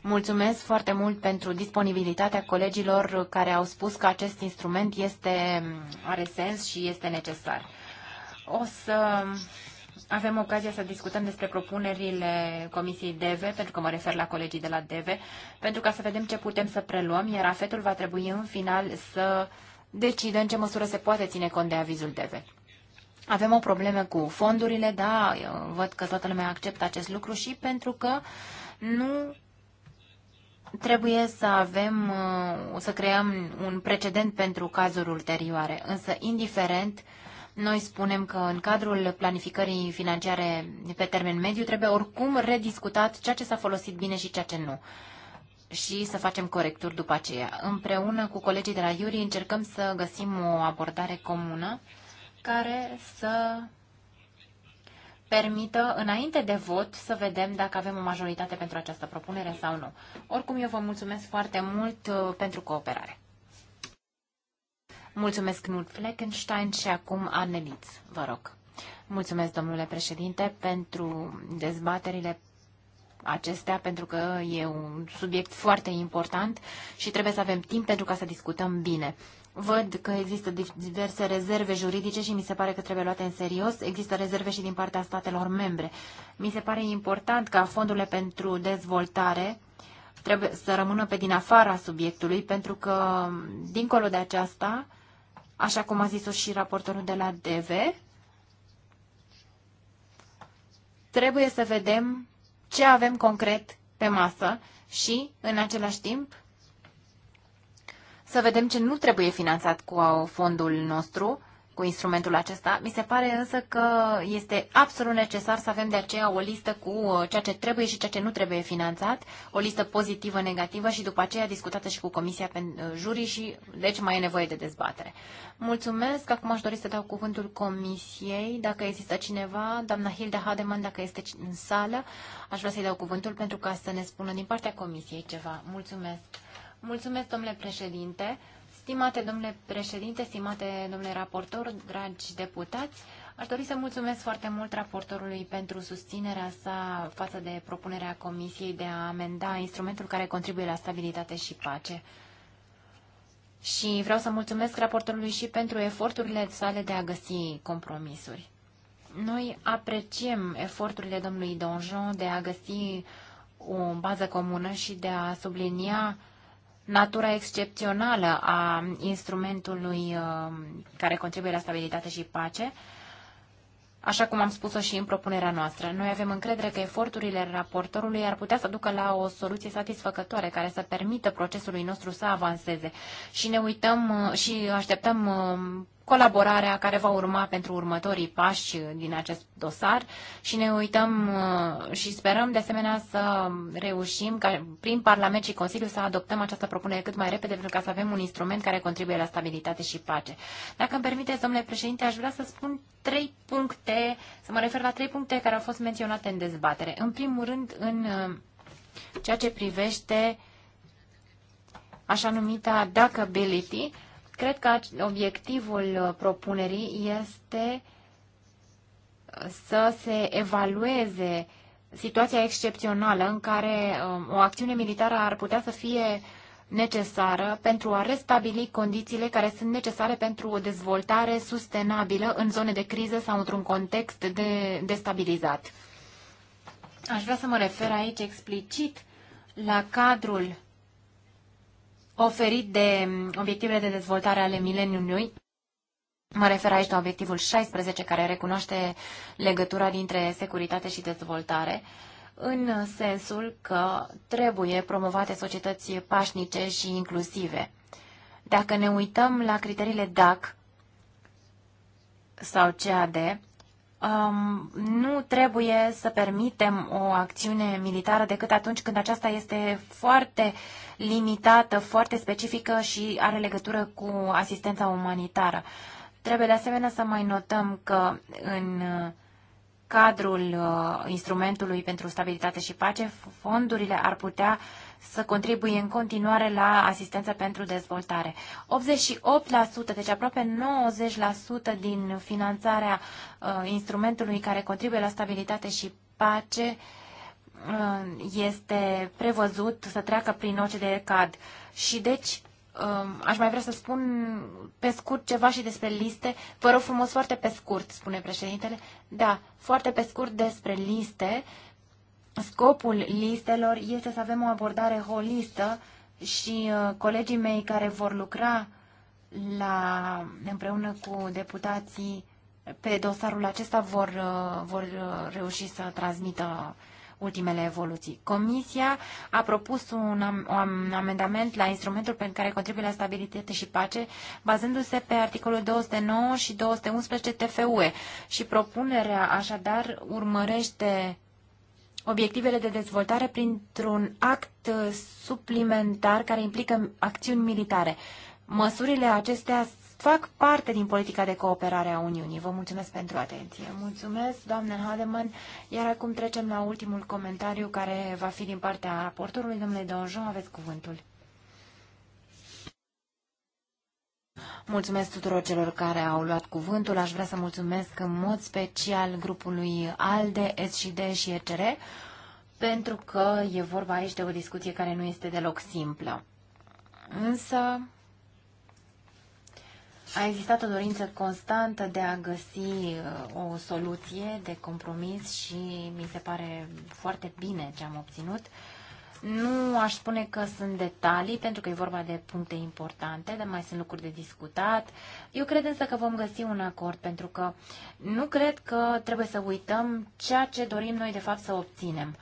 Mulțumesc foarte mult pentru disponibilitatea colegilor care au spus că acest instrument este, are sens și este necesar. O să avem ocazia să discutăm despre propunerile Comisiei DEVE, pentru că mă refer la colegii de la DEVE, pentru ca să vedem ce putem să preluăm, iar afetul va trebui în final să decidă în ce măsură se poate ține cont de avizul DEVE. Avem o problemă cu fondurile, da, eu văd că toată lumea acceptă acest lucru și pentru că nu trebuie să avem, uh, să creăm un precedent pentru cazuri ulterioare. Însă, indiferent, noi spunem că în cadrul planificării financiare pe termen mediu trebuie oricum rediscutat ceea ce s-a folosit bine și ceea ce nu și să facem corecturi după aceea. Împreună cu colegii de la Iuri încercăm să găsim o abordare comună care să permită, înainte de vot, să vedem dacă avem o majoritate pentru această propunere sau nu. Oricum, eu vă mulțumesc foarte mult uh, pentru cooperare. Mulțumesc, Knut Fleckenstein și acum Arneliț, vă rog. Mulțumesc, domnule președinte, pentru dezbaterile acestea, pentru că e un subiect foarte important și trebuie să avem timp pentru ca să discutăm bine. Văd că există diverse rezerve juridice și mi se pare că trebuie luate în serios. Există rezerve și din partea statelor membre. Mi se pare important ca fondurile pentru dezvoltare trebuie să rămână pe din afara subiectului, pentru că, dincolo de aceasta, așa cum a zis-o și raportorul de la DV, trebuie să vedem ce avem concret pe masă și, în același timp, să vedem ce nu trebuie finanțat cu uh, fondul nostru, cu instrumentul acesta. Mi se pare însă că este absolut necesar să avem de aceea o listă cu uh, ceea ce trebuie și ceea ce nu trebuie finanțat, o listă pozitivă, negativă și după aceea discutată și cu Comisia pe uh, Juri și deci mai e nevoie de dezbatere. Mulțumesc. Acum aș dori să dau cuvântul Comisiei. Dacă există cineva, doamna Hilda Hademan, dacă este în sală, aș vrea să-i dau cuvântul pentru ca să ne spună din partea Comisiei ceva. Mulțumesc. Mulțumesc, domnule președinte. Stimate domnule președinte, stimate domnule raportor, dragi deputați, aș dori să mulțumesc foarte mult raportorului pentru susținerea sa față de propunerea Comisiei de a amenda instrumentul care contribuie la stabilitate și pace. Și vreau să mulțumesc raportorului și pentru eforturile sale de a găsi compromisuri. Noi apreciem eforturile domnului Donjon de a găsi o bază comună și de a sublinia uh, natura excepțională a instrumentului uh, care contribuie la stabilitate și pace, așa cum am spus-o și în propunerea noastră. Noi avem încredere că eforturile raportorului ar putea să ducă la o soluție satisfăcătoare care să permită procesului nostru să avanseze și ne uităm uh, și așteptăm uh, colaborarea care va urma pentru următorii pași din acest dosar și ne uităm uh, și sperăm de asemenea să reușim ca prin Parlament și Consiliu să adoptăm această propunere cât mai repede pentru ca să avem un instrument care contribuie la stabilitate și pace. Dacă îmi permiteți, domnule președinte, aș vrea să spun trei puncte, să mă refer la trei puncte care au fost menționate în dezbatere. În primul rând, în uh, ceea ce privește așa numita duckability, Cred că obiectivul uh, propunerii este uh, să se evalueze situația excepțională în care um, o acțiune militară ar putea să fie necesară pentru a restabili condițiile care sunt necesare pentru o dezvoltare sustenabilă în zone de criză sau într-un context de destabilizat. Aș vrea să mă refer aici explicit la cadrul oferit de obiectivele de dezvoltare ale mileniului. Mă refer aici la obiectivul 16, care recunoaște legătura dintre securitate și dezvoltare, în sensul că trebuie promovate societăți pașnice și inclusive. Dacă ne uităm la criteriile DAC sau CAD, um, nu trebuie să permitem o acțiune militară decât atunci când aceasta este foarte limitată, foarte specifică și are legătură cu asistența umanitară. Trebuie de asemenea să mai notăm că în uh, cadrul uh, instrumentului pentru stabilitate și pace, fondurile ar putea uh, să contribuie în continuare la asistență pentru dezvoltare. 88%, deci aproape 90% din finanțarea uh, instrumentului care contribuie la stabilitate și pace uh, este prevăzut să treacă prin de CAD. Și deci um, aș mai vrea să spun pe scurt ceva și despre liste. Vă rog frumos, foarte pe scurt, spune președintele. Da, foarte pe scurt despre liste. Uh, Scopul listelor este să avem o abordare holistă și uh, colegii mei care vor lucra la, împreună cu deputații pe dosarul acesta vor, uh, vor uh, reuși să transmită ultimele evoluții. Comisia a propus un, am, un amendament la instrumentul pentru care contribuie la stabilitate și pace, bazându-se pe articolul 209 și 211 TFUE și propunerea așadar urmărește obiectivele de dezvoltare printr-un act uh, suplimentar care implică acțiuni militare. Măsurile acestea fac parte din politica de cooperare a Uniunii. Vă mulțumesc pentru atenție. Mulțumesc, doamnă Hademan. Iar acum trecem la ultimul comentariu care va fi din partea raportorului. Domnule Donjon, aveți cuvântul. Mulțumesc tuturor celor care au luat cuvântul. Aș vrea să mulțumesc în mod special grupului ALDE, SCD și ECR, pentru că e vorba aici de o discuție care nu este deloc simplă. Însă a existat o dorință constantă de a găsi uh, o soluție de compromis și mi se pare foarte bine ce am obținut. Nu aș spune că sunt detalii, pentru că e vorba de puncte importante, dar mai sunt lucruri de discutat. Eu cred însă că vom găsi un acord, pentru că nu cred că trebuie să uităm ceea ce dorim noi de fapt să obținem.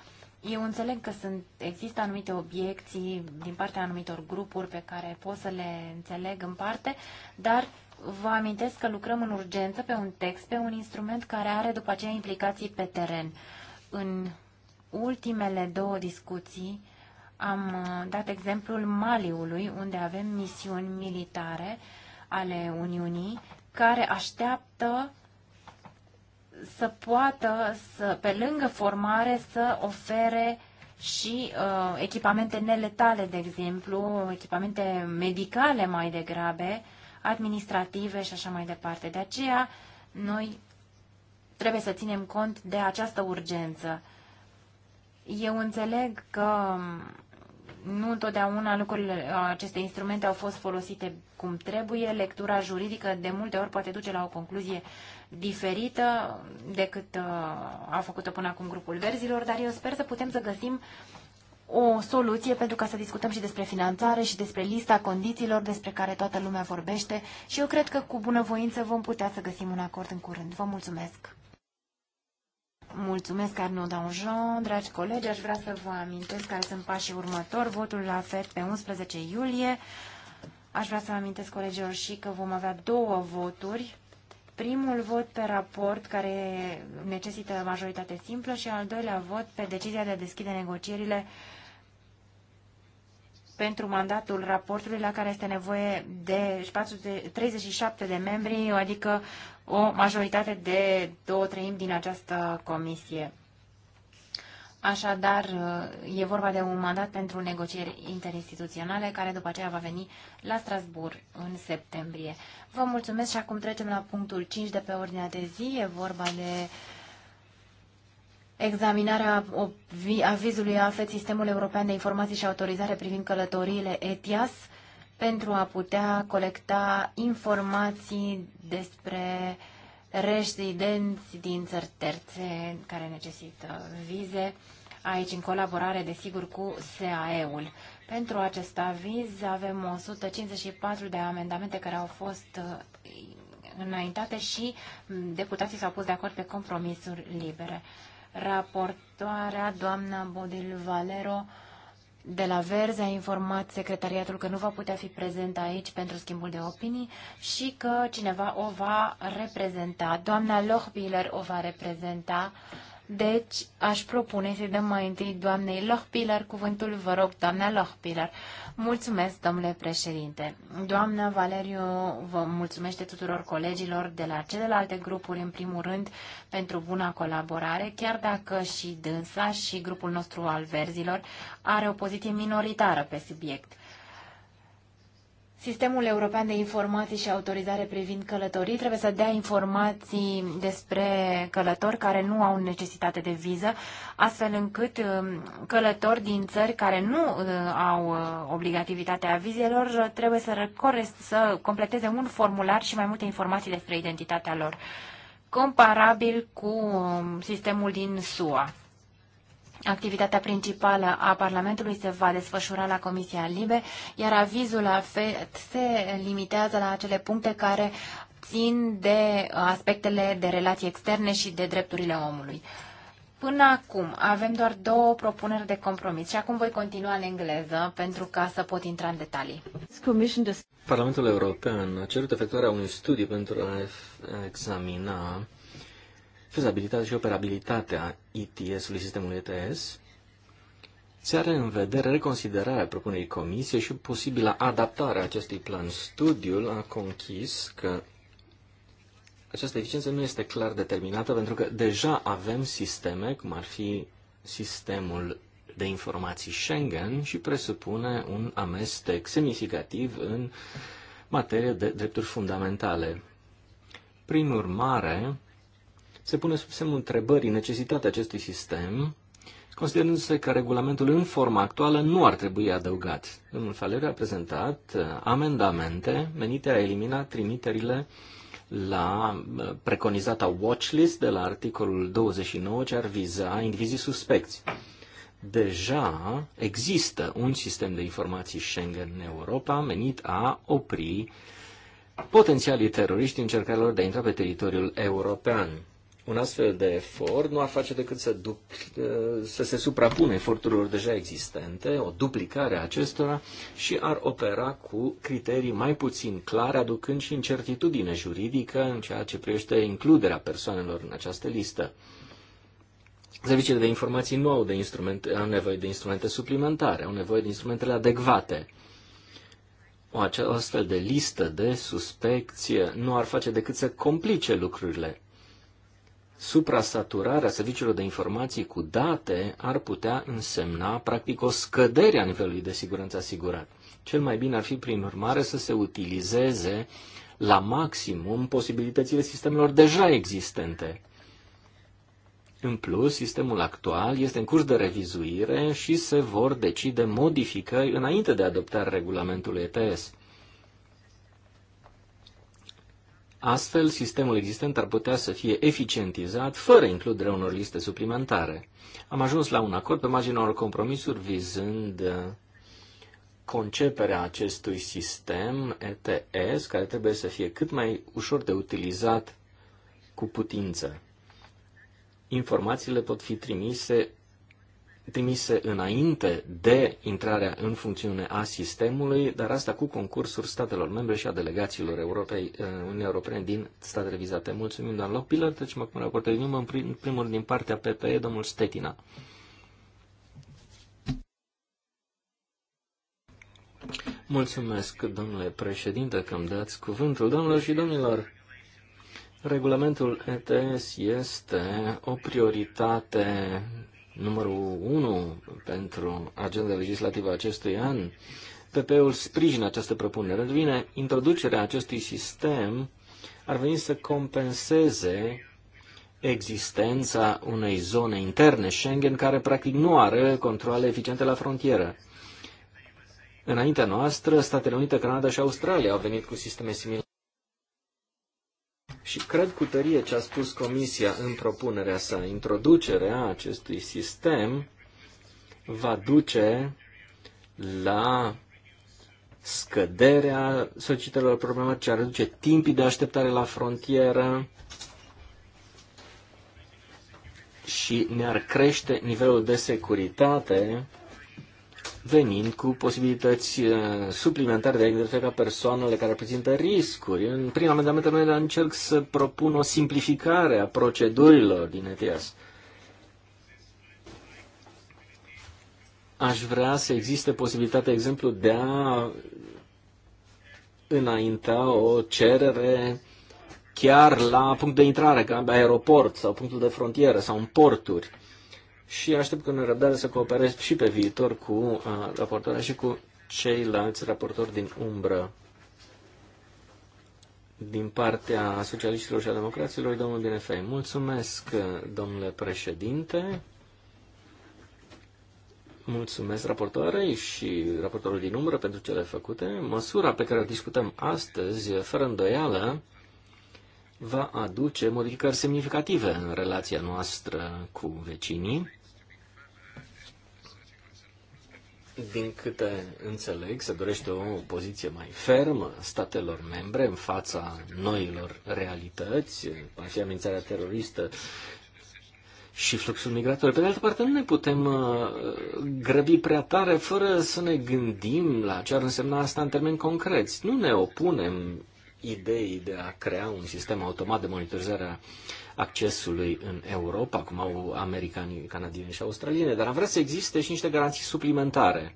Eu înțeleg că sunt, există anumite obiecții din partea anumitor grupuri pe care pot să le înțeleg în parte, dar vă amintesc că lucrăm în urgență pe un text, pe un instrument care are după aceea implicații pe teren. În ultimele două discuții am uh, dat exemplul Maliului, unde avem misiuni militare ale Uniunii care așteaptă să poată, să, pe lângă formare, să ofere și uh, echipamente neletale, de exemplu, echipamente medicale mai degrabe, administrative și așa mai departe. De aceea, noi trebuie să ținem cont de această urgență. Eu înțeleg că um, nu întotdeauna lucrurile, aceste instrumente au fost folosite cum trebuie. Lectura juridică de multe ori poate duce la o concluzie diferită decât a făcut-o până acum grupul verzilor, dar eu sper să putem să găsim o soluție pentru ca să discutăm și despre finanțare și despre lista condițiilor despre care toată lumea vorbește și eu cred că cu bunăvoință vom putea să găsim un acord în curând. Vă mulțumesc! Mulțumesc, Arnaud Danjon. Dragi colegi, aș vrea să vă amintesc care sunt pașii următori. Votul la FED pe 11 iulie. Aș vrea să vă amintesc colegilor și că vom avea două voturi. Primul vot pe raport care necesită majoritate simplă și al doilea vot pe decizia de a deschide negocierile pentru mandatul raportului la care este nevoie de 37 de membri, adică o majoritate de două treimi din această comisie. Așadar, e vorba de un mandat pentru negocieri interinstituționale, care după aceea va veni la Strasbourg în septembrie. Vă mulțumesc și acum trecem la punctul 5 de pe ordinea de zi. E vorba de examinarea avizului AFET, Sistemul European de Informații și Autorizare privind călătoriile ETIAS pentru a putea colecta informații despre rezidenți din țări terțe care necesită vize, aici în colaborare, desigur, cu SAE-ul. Pentru acest aviz avem 154 de amendamente care au fost uh, înaintate și deputații s-au pus de acord pe compromisuri libere. Raportoarea, doamna Bodil Valero, de la Verzi a informat secretariatul că nu va putea fi prezent aici pentru schimbul de opinii și că cineva o va reprezenta. Doamna Lochbiller o va reprezenta deci, aș propune să dăm mai întâi doamnei Lohpilar cuvântul. Vă rog, doamna Lohpilar. Mulțumesc, domnule președinte. Doamna Valeriu vă mulțumește tuturor colegilor de la celelalte grupuri, în primul rând, pentru buna colaborare, chiar dacă și dânsa și grupul nostru al verzilor are o poziție minoritară pe subiect. Sistemul European de Informații și Autorizare privind călătorii trebuie să dea informații despre călători care nu au necesitate de viză, astfel încât um, călători din țări care nu uh, au uh, obligativitatea vizelor uh, trebuie să, să completeze un formular și mai multe informații despre identitatea lor, comparabil cu um, sistemul din SUA. Activitatea principală a Parlamentului se va desfășura la Comisia Libe, iar avizul la FED se limitează la acele puncte care țin de aspectele de relații externe și de drepturile omului. Până acum avem doar două propuneri de compromis și acum voi continua în engleză pentru ca să pot intra în detalii. Parlamentul European a cerut efectuarea unui studiu pentru a examina fezabilitatea și operabilitatea its ului sistemului ETS, se are în vedere reconsiderarea propunerii comisiei și posibila adaptare a acestui plan. Studiul a conchis că această eficiență nu este clar determinată pentru că deja avem sisteme, cum ar fi sistemul de informații Schengen și presupune un amestec semnificativ în materie de drepturi fundamentale. Prin urmare, se pune sub semnul întrebării necesitatea acestui sistem, considerându-se că regulamentul în forma actuală nu ar trebui adăugat. Domnul Faleriu a prezentat uh, amendamente menite a elimina trimiterile la uh, preconizata watchlist de la articolul 29 ce ar viza indivizii suspecți. Deja există un sistem de informații Schengen în Europa menit a opri potențialii teroriști încercarea lor de a intra pe teritoriul european. Un astfel de efort nu ar face decât să, dupl- uh, să se suprapune eforturilor deja existente, o duplicare a acestora și ar opera cu criterii mai puțin clare, aducând și incertitudine juridică în ceea ce privește includerea persoanelor în această listă. Serviciile de informații nu au, de instrumente, au nevoie de instrumente suplimentare, au nevoie de instrumentele adecvate. O astfel de listă de suspecție nu ar face decât să complice lucrurile. Suprasaturarea serviciilor de informații cu date ar putea însemna, practic, o scădere a nivelului de siguranță asigurat. Cel mai bine ar fi, prin urmare, să se utilizeze la maximum posibilitățile sistemelor deja existente. În plus, sistemul actual este în curs de revizuire și se vor decide modificări înainte de adoptarea regulamentului ETS. Astfel, sistemul existent ar putea să fie eficientizat fără includerea unor liste suplimentare. Am ajuns la un acord pe marginea unor compromisuri vizând uh, conceperea acestui sistem ETS, care trebuie să fie cât mai ușor de utilizat cu putință. Informațiile pot fi trimise trimise înainte de intrarea în funcțiune a sistemului, dar asta cu concursul statelor membre și a delegațiilor Europei, uh, Uniunii Europene din statele vizate. Mulțumim, doamnă Lopilă. Trecem acum la raportul din în primul din partea PPE, domnul Stetina. Mulțumesc, domnule președinte, că îmi dați cuvântul. Domnilor și domnilor, regulamentul ETS este o prioritate numărul 1 pentru agenda legislativă acestui an, PP-ul sprijină această propunere. Bine, introducerea acestui sistem ar veni să compenseze existența unei zone interne Schengen care practic nu are controle eficiente la frontieră. Înaintea noastră, Statele Unite, Canada și Australia au venit cu sisteme similare. Și cred cu tărie ce a spus Comisia în propunerea sa, introducerea acestui sistem va duce la scăderea solicitărilor problematice, ar reduce timpii de așteptare la frontieră și ne-ar crește nivelul de securitate venind cu posibilități uh, suplimentare de a identifica persoanele care prezintă riscuri. În, prin amendamentul meu încerc să propun o simplificare a procedurilor din ETIAS. Aș vrea să existe posibilitatea, de exemplu, de a înainta o cerere chiar la punct de intrare, ca aeroport sau punctul de frontieră sau în porturi și aștept cu nerăbdare să cooperez și pe viitor cu uh, raportoarea și cu ceilalți raportori din umbră. Din partea socialiștilor și a democraților, domnul Binefei, mulțumesc, domnule președinte. Mulțumesc raportoarei și raportorul din umbră pentru cele făcute. Măsura pe care o discutăm astăzi, fără îndoială, va aduce modificări semnificative în relația noastră cu vecinii. Din câte înțeleg, se dorește o poziție mai fermă statelor membre în fața noilor realități, ar fi amenințarea teroristă și fluxul migrator. Pe de altă parte, nu ne putem uh, grăbi prea tare fără să ne gândim la ce ar însemna asta în termeni concreți. Nu ne opunem Idei de a crea un sistem automat de monitorizare a accesului în Europa, cum au americanii, canadieni și australieni, dar am vrea să existe și niște garanții suplimentare.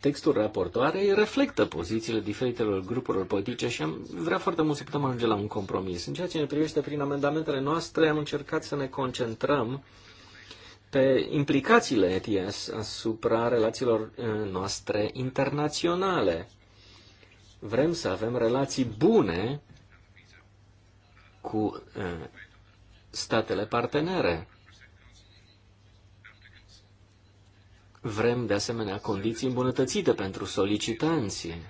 Textul raportoarei reflectă pozițiile diferitelor grupurilor politice și am vrea foarte mult să putem ajunge la un compromis. În ceea ce ne privește prin amendamentele noastre, am încercat să ne concentrăm pe implicațiile ETS asupra relațiilor eh, noastre internaționale. Vrem să avem relații bune cu eh, statele partenere. Vrem, de asemenea, condiții îmbunătățite pentru solicitanții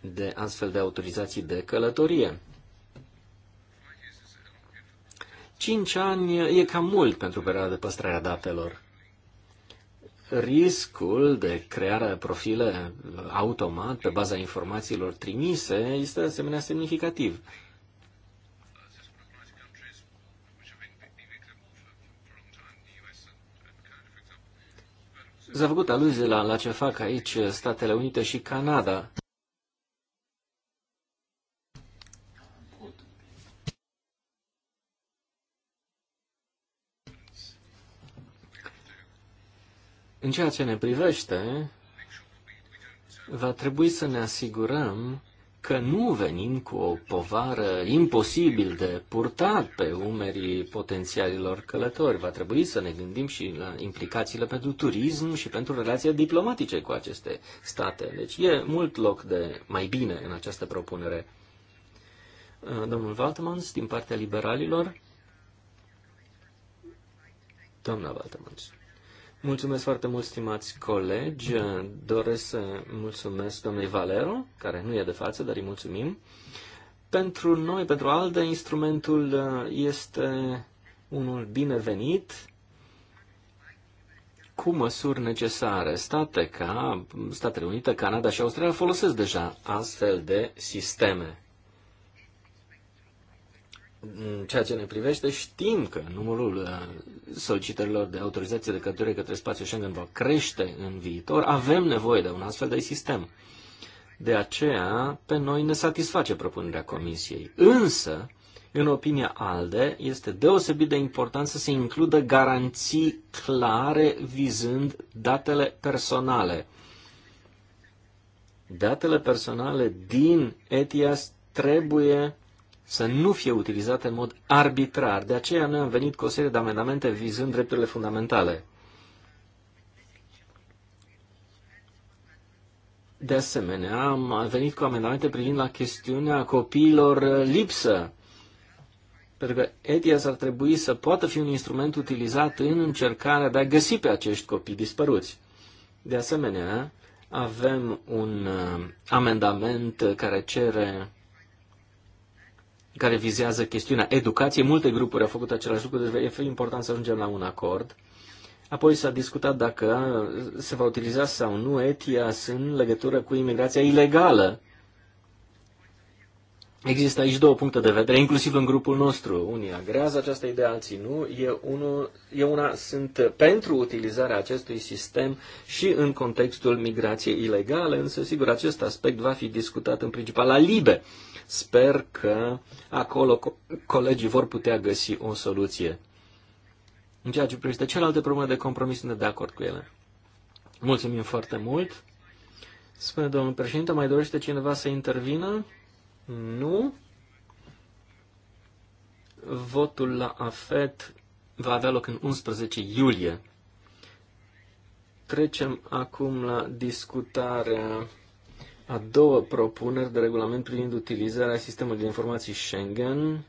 de astfel de autorizații de călătorie. Cinci ani e cam mult pentru perioada de păstrare a datelor riscul de creare de profile automat pe baza informațiilor trimise este de asemenea semnificativ. S-a făcut aluzie la, la ce fac aici Statele Unite și Canada. În ceea ce ne privește, va trebui să ne asigurăm că nu venim cu o povară imposibil de purtat pe umerii potențialilor călători. Va trebui să ne gândim și la implicațiile pentru turism și pentru relații diplomatice cu aceste state. Deci e mult loc de mai bine în această propunere. Uh, domnul Valtemans, din partea liberalilor. Doamna Valtemans. Mulțumesc foarte mult, stimați colegi. Doresc să mulțumesc domnului Valero, care nu e de față, dar îi mulțumim. Pentru noi, pentru ALDE, instrumentul uh, este unul binevenit, cu măsuri necesare. State ca Statele Unite, Canada și Australia folosesc deja astfel de sisteme în ceea ce ne privește, știm că numărul uh, solicitărilor de autorizație de către către spațiul Schengen va crește în viitor. Avem nevoie de un astfel de sistem. De aceea, pe noi ne satisface propunerea Comisiei. Însă, în opinia ALDE, este deosebit de important să se includă garanții clare vizând datele personale. Datele personale din ETIAS trebuie să nu fie utilizate în mod arbitrar. De aceea noi am venit cu o serie de amendamente vizând drepturile fundamentale. De asemenea, am venit cu amendamente privind la chestiunea copiilor uh, lipsă. Pentru că ETIAS ar trebui să poată fi un instrument utilizat în încercarea de a găsi pe acești copii dispăruți. De asemenea, avem un uh, amendament care cere care vizează chestiunea educației. Multe grupuri au făcut același lucru, deci e important să ajungem la un acord. Apoi s-a discutat dacă se va utiliza sau nu ETIAS în legătură cu imigrația ilegală Există aici două puncte de vedere, inclusiv în grupul nostru. Unii agrează această idee, alții nu. E unul, e una sunt pentru utilizarea acestui sistem și în contextul migrației ilegale, însă, sigur, acest aspect va fi discutat în principal la LIBE. Sper că acolo co colegii vor putea găsi o soluție. În ceea ce privește celelalte probleme de compromis, sunt de acord cu ele. Mulțumim foarte mult. Spune domnul președinte, mai dorește cineva să intervină? Nu. Votul la AFET va avea loc în 11 iulie. Trecem acum la discutarea a două propuneri de regulament privind utilizarea sistemului de informații Schengen.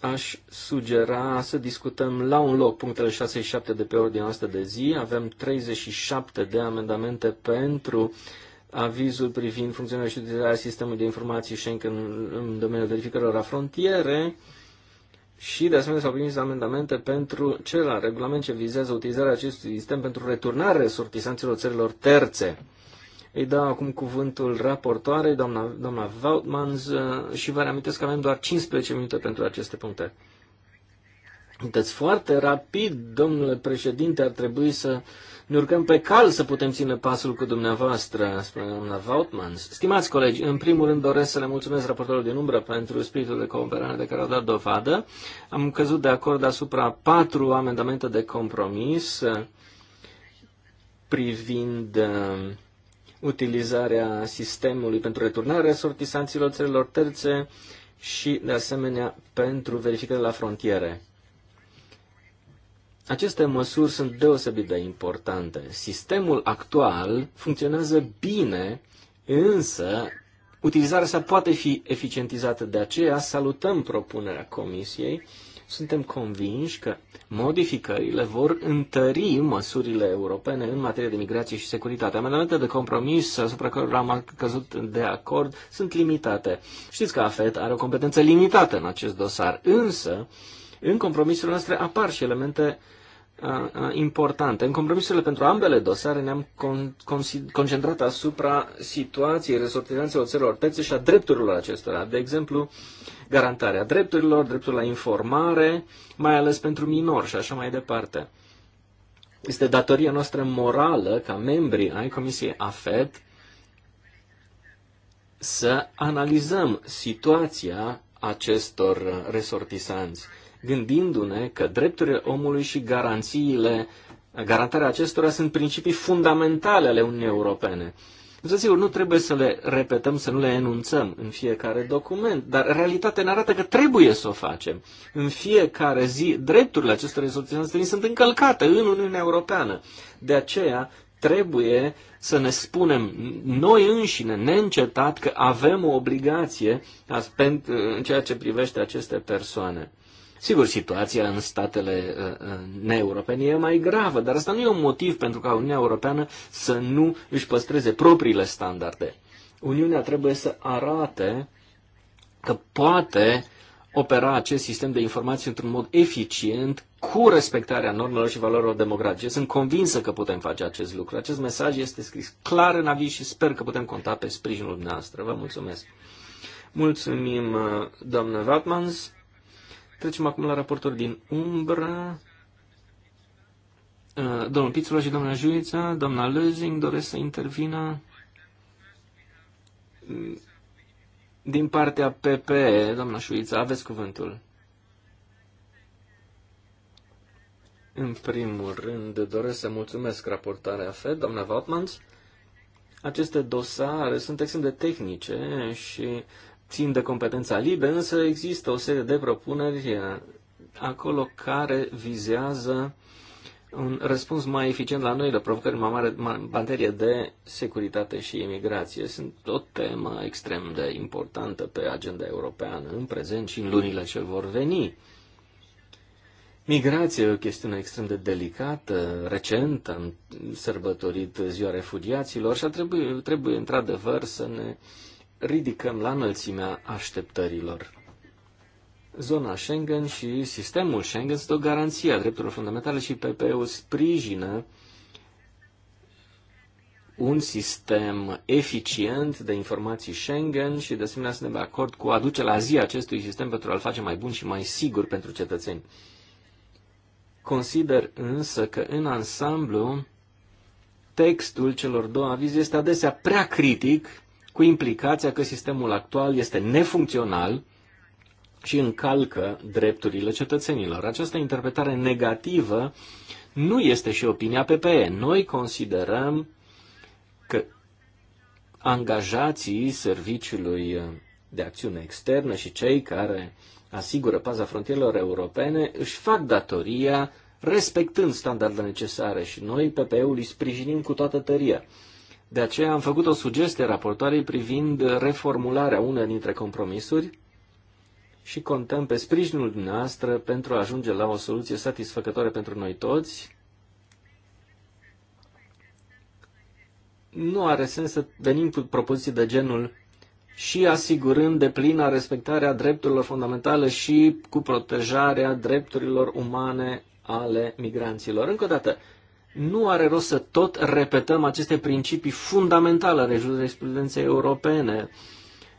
Aș sugera să discutăm la un loc punctele 6 și 7 de pe ordinea asta de zi. Avem 37 de amendamente pentru uh, avizul privind funcționarea și utilizarea sistemului de informații Schengen în domeniul verificărilor la frontiere și, de asemenea, s-au primit amendamente pentru celălalt regulament ce vizează utilizarea acestui sistem pentru returnarea sortisanților țărilor terțe. Îi dau acum cuvântul raportoarei, doamna, doamna Vautmans, și vă reamintesc că avem doar 15 minute pentru aceste puncte. Sunteți foarte rapid, domnule președinte, ar trebui să ne urcăm pe cal să putem ține pasul cu dumneavoastră, spune doamna Vautmans. Stimați colegi, în primul rând doresc să le mulțumesc raportorului din umbră pentru spiritul de cooperare de care au dat dovadă. Am căzut de acord asupra patru amendamente de compromis uh, privind uh, utilizarea sistemului pentru returnarea sortisanților țărilor terțe și, de asemenea, pentru verificarea la frontiere. Aceste măsuri sunt deosebit de importante. Sistemul actual funcționează bine, însă utilizarea sa poate fi eficientizată. De aceea salutăm propunerea Comisiei. Suntem convinși că modificările vor întări măsurile europene în materie de migrație și securitate. Amendamentele de compromis asupra cărora am căzut de acord sunt limitate. Știți că AFET are o competență limitată în acest dosar, însă în compromisurile noastre apar și elemente importante. În compromisurile pentru ambele dosare ne-am con, con, concentrat asupra situației resortinanțelor țărilor terțe și a drepturilor acestora. De exemplu, garantarea drepturilor, dreptul la informare, mai ales pentru minori și așa mai departe. Este datoria noastră morală ca membri ai Comisiei AFET să analizăm situația acestor resortisanți gândindu-ne că drepturile omului și garanțiile, garantarea acestora sunt principii fundamentale ale Uniunii Europene. Însă, sigur, nu trebuie să le repetăm, să nu le enunțăm în fiecare document, dar realitatea ne arată că trebuie să o facem. În fiecare zi, drepturile acestor resortizanți sunt încălcate în Uniunea Europeană. De aceea, trebuie să ne spunem noi înșine, neîncetat, că avem o obligație în ceea ce privește aceste persoane. Sigur, situația în statele uh, uh, neeuropene e mai gravă, dar asta nu e un motiv pentru ca Uniunea Europeană să nu își păstreze propriile standarde. Uniunea trebuie să arate că poate opera acest sistem de informații într-un mod eficient cu respectarea normelor și valorilor democratice. Sunt convinsă că putem face acest lucru. Acest mesaj este scris clar în aviz și sper că putem conta pe sprijinul dumneavoastră. Vă mulțumesc. Mulțumim, uh, doamnă Vatmans. Trecem acum la raportor din umbră. Uh, domnul Pițula și doamna Juița, doamna Lăzing doresc să intervină din partea PP, doamna Șuiță, aveți cuvântul. În primul rând, doresc să mulțumesc raportarea FED, doamna Vautmans. Aceste dosare sunt extrem de tehnice și țin de competența LIBE, însă există o serie de propuneri acolo care vizează un răspuns mai eficient la noile provocări mai mari, în materie de securitate și imigrație. Sunt o temă extrem de importantă pe agenda europeană în prezent și în lunile ce vor veni. Migrația e o chestiune extrem de delicată. Recent am sărbătorit ziua refugiaților și trebuie, trebuie într-adevăr să ne uh, ridicăm la înălțimea așteptărilor. Zona Schengen și sistemul Schengen sunt o garanție a drepturilor fundamentale și PPE-ul sprijină un sistem eficient de informații Schengen și de asemenea suntem de acord cu aduce la zi acestui sistem pentru a-l face mai bun și mai sigur pentru cetățeni. Consider însă că în ansamblu textul celor două avize este adesea prea critic cu implicația că sistemul actual este nefuncțional și încalcă drepturile cetățenilor. Această interpretare negativă nu este și opinia PPE. Noi considerăm că angajații serviciului de acțiune externă și cei care asigură paza frontierelor europene își fac datoria respectând standardele necesare și noi PPE-ul îi sprijinim cu toată tăria. De aceea am făcut o sugestie raportoarei privind reformularea unei dintre compromisuri și contăm pe sprijinul dumneavoastră pentru a ajunge la o soluție satisfăcătoare pentru noi toți. Nu are sens să venim cu propoziții de genul și asigurând de plină respectarea drepturilor fundamentale și cu protejarea drepturilor umane ale migranților. Încă o dată, nu are rost să tot repetăm aceste principii fundamentale ale jurisprudenței europene.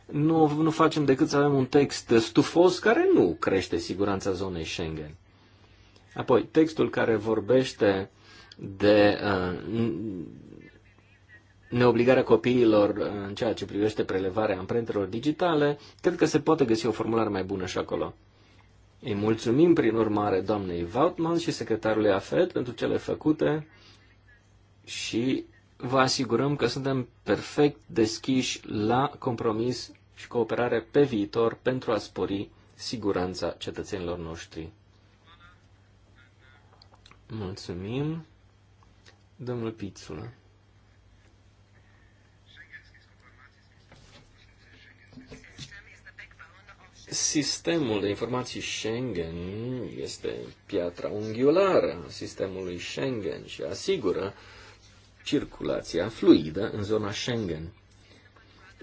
Nu, nu facem decât să avem un text stufos care nu crește siguranța zonei Schengen. Apoi, textul care vorbește de uh, neobligarea copiilor uh, în ceea ce privește prelevarea amprentelor digitale, cred că se poate găsi o formulare mai bună și acolo. Îi mulțumim prin urmare doamnei Vautman și secretarului AFED pentru cele făcute și vă asigurăm că suntem perfect deschiși la compromis și cooperare pe viitor pentru a spori siguranța cetățenilor noștri. Mulțumim, domnul Pițulă. Sistemul de informații Schengen este piatra unghiulară a sistemului Schengen și asigură circulația fluidă în zona Schengen.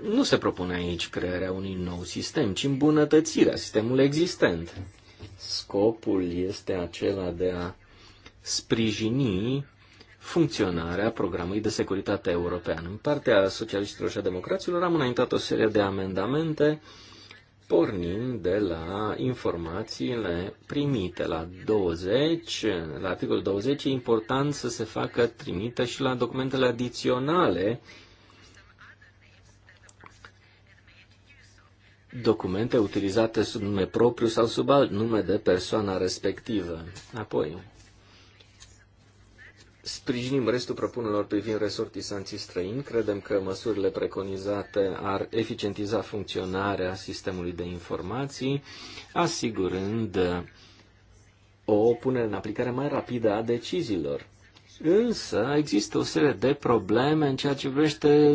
Nu se propune aici crearea unui nou sistem, ci îmbunătățirea sistemului existent. Scopul este acela de a sprijini funcționarea programului de securitate european. În partea socialiștilor și a democraților am înaintat o serie de amendamente uh, pornim de la informațiile primite la 20. La articolul 20 e important să se facă trimită și la documentele adiționale, documente utilizate sub nume propriu sau sub alt nume de persoana respectivă. Apoi, Sprijinim restul propunerilor privind resortisanții străini. Credem că măsurile preconizate ar eficientiza funcționarea sistemului de informații, asigurând uh, o punere în aplicare mai rapidă a deciziilor. Însă există o serie de probleme în ceea ce privește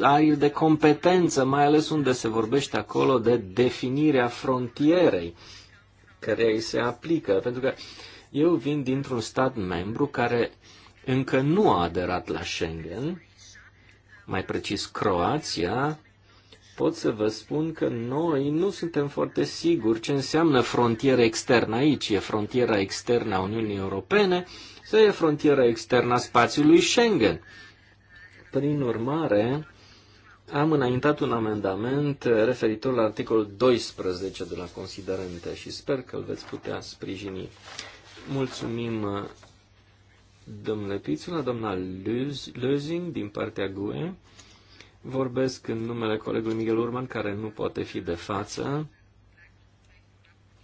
arii de competență, mai ales unde se vorbește acolo de definirea frontierei care îi se aplică, pentru că uh, eu vin dintr-un stat membru care încă nu a aderat la Schengen, mai precis Croația, pot să vă spun că noi nu suntem foarte siguri ce înseamnă frontieră externă aici. E frontiera externă a Uniunii Europene sau e frontiera externă a spațiului Schengen? Prin urmare, am înaintat un amendament referitor la articolul 12 de la considerente și sper că îl veți putea sprijini. Mulțumim, uh, domnule Pițula, doamna Lözing, din partea GUE. Vorbesc în numele colegului Miguel Urman, care nu poate fi de față.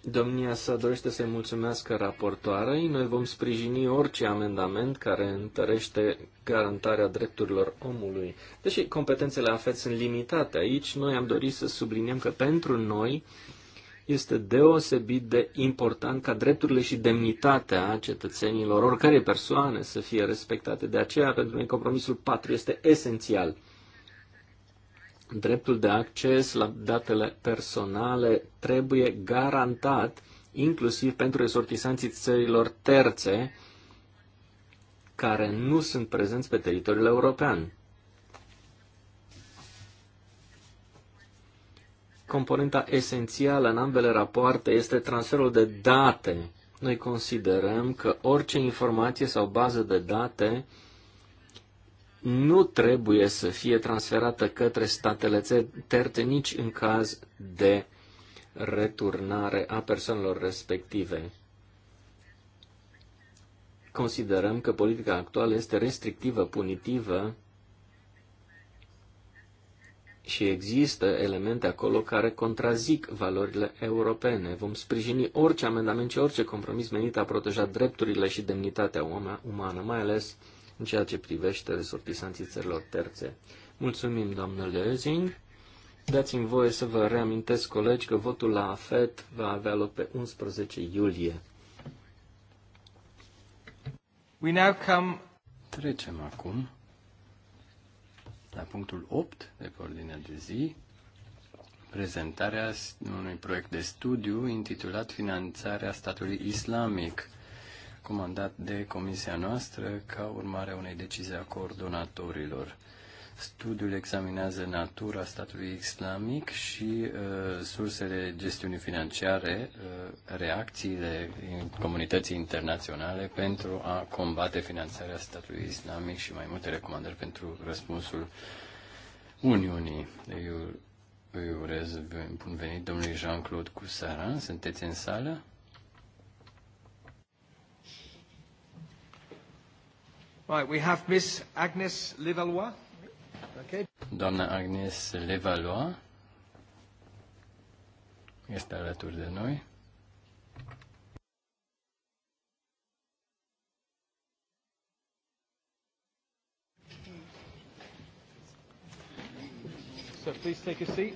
Domnia sa dorește să-i mulțumească raportoarei. Noi vom sprijini orice amendament care întărește garantarea drepturilor omului. Deși competențele AFET sunt limitate aici, noi am dorit să subliniem că pentru noi este deosebit de important ca drepturile și demnitatea cetățenilor, oricare persoane, să fie respectate. De aceea, pentru noi, compromisul 4 este esențial. Dreptul de acces la datele personale trebuie garantat, inclusiv pentru resortisanții țărilor terțe care nu sunt prezenți pe teritoriul european. Componenta esențială în ambele rapoarte este transferul de date. Noi considerăm că orice informație sau bază de date nu trebuie să fie transferată către statele terțe nici în caz de returnare a persoanelor respective. Considerăm că politica actuală este restrictivă, punitivă și există elemente acolo care contrazic valorile europene. Vom sprijini orice amendament și orice compromis menit a proteja drepturile și demnitatea umană, mai ales în ceea ce privește resortisanții țărilor terțe. Mulțumim, doamnă Lezing. Dați-mi voie să vă reamintesc, colegi, că votul la AFET va avea loc pe 11 iulie. We now come... Trecem acum la punctul 8 de pe ordinea de zi, prezentarea unui proiect de studiu intitulat Finanțarea statului islamic, comandat de comisia noastră ca urmare a unei decizii a coordonatorilor. Studiul examinează natura statului islamic și uh, sursele gestiunii financiare, uh, reacțiile comunității internaționale pentru a combate finanțarea statului islamic și mai multe recomandări pentru răspunsul Uniunii. Eu îi urez bun venit domnului Jean-Claude Cusaran. Sunteți în sală? Right, we have Miss Agnes Livalois. Doamna Agnes Levalois este alături de noi. So please take a seat.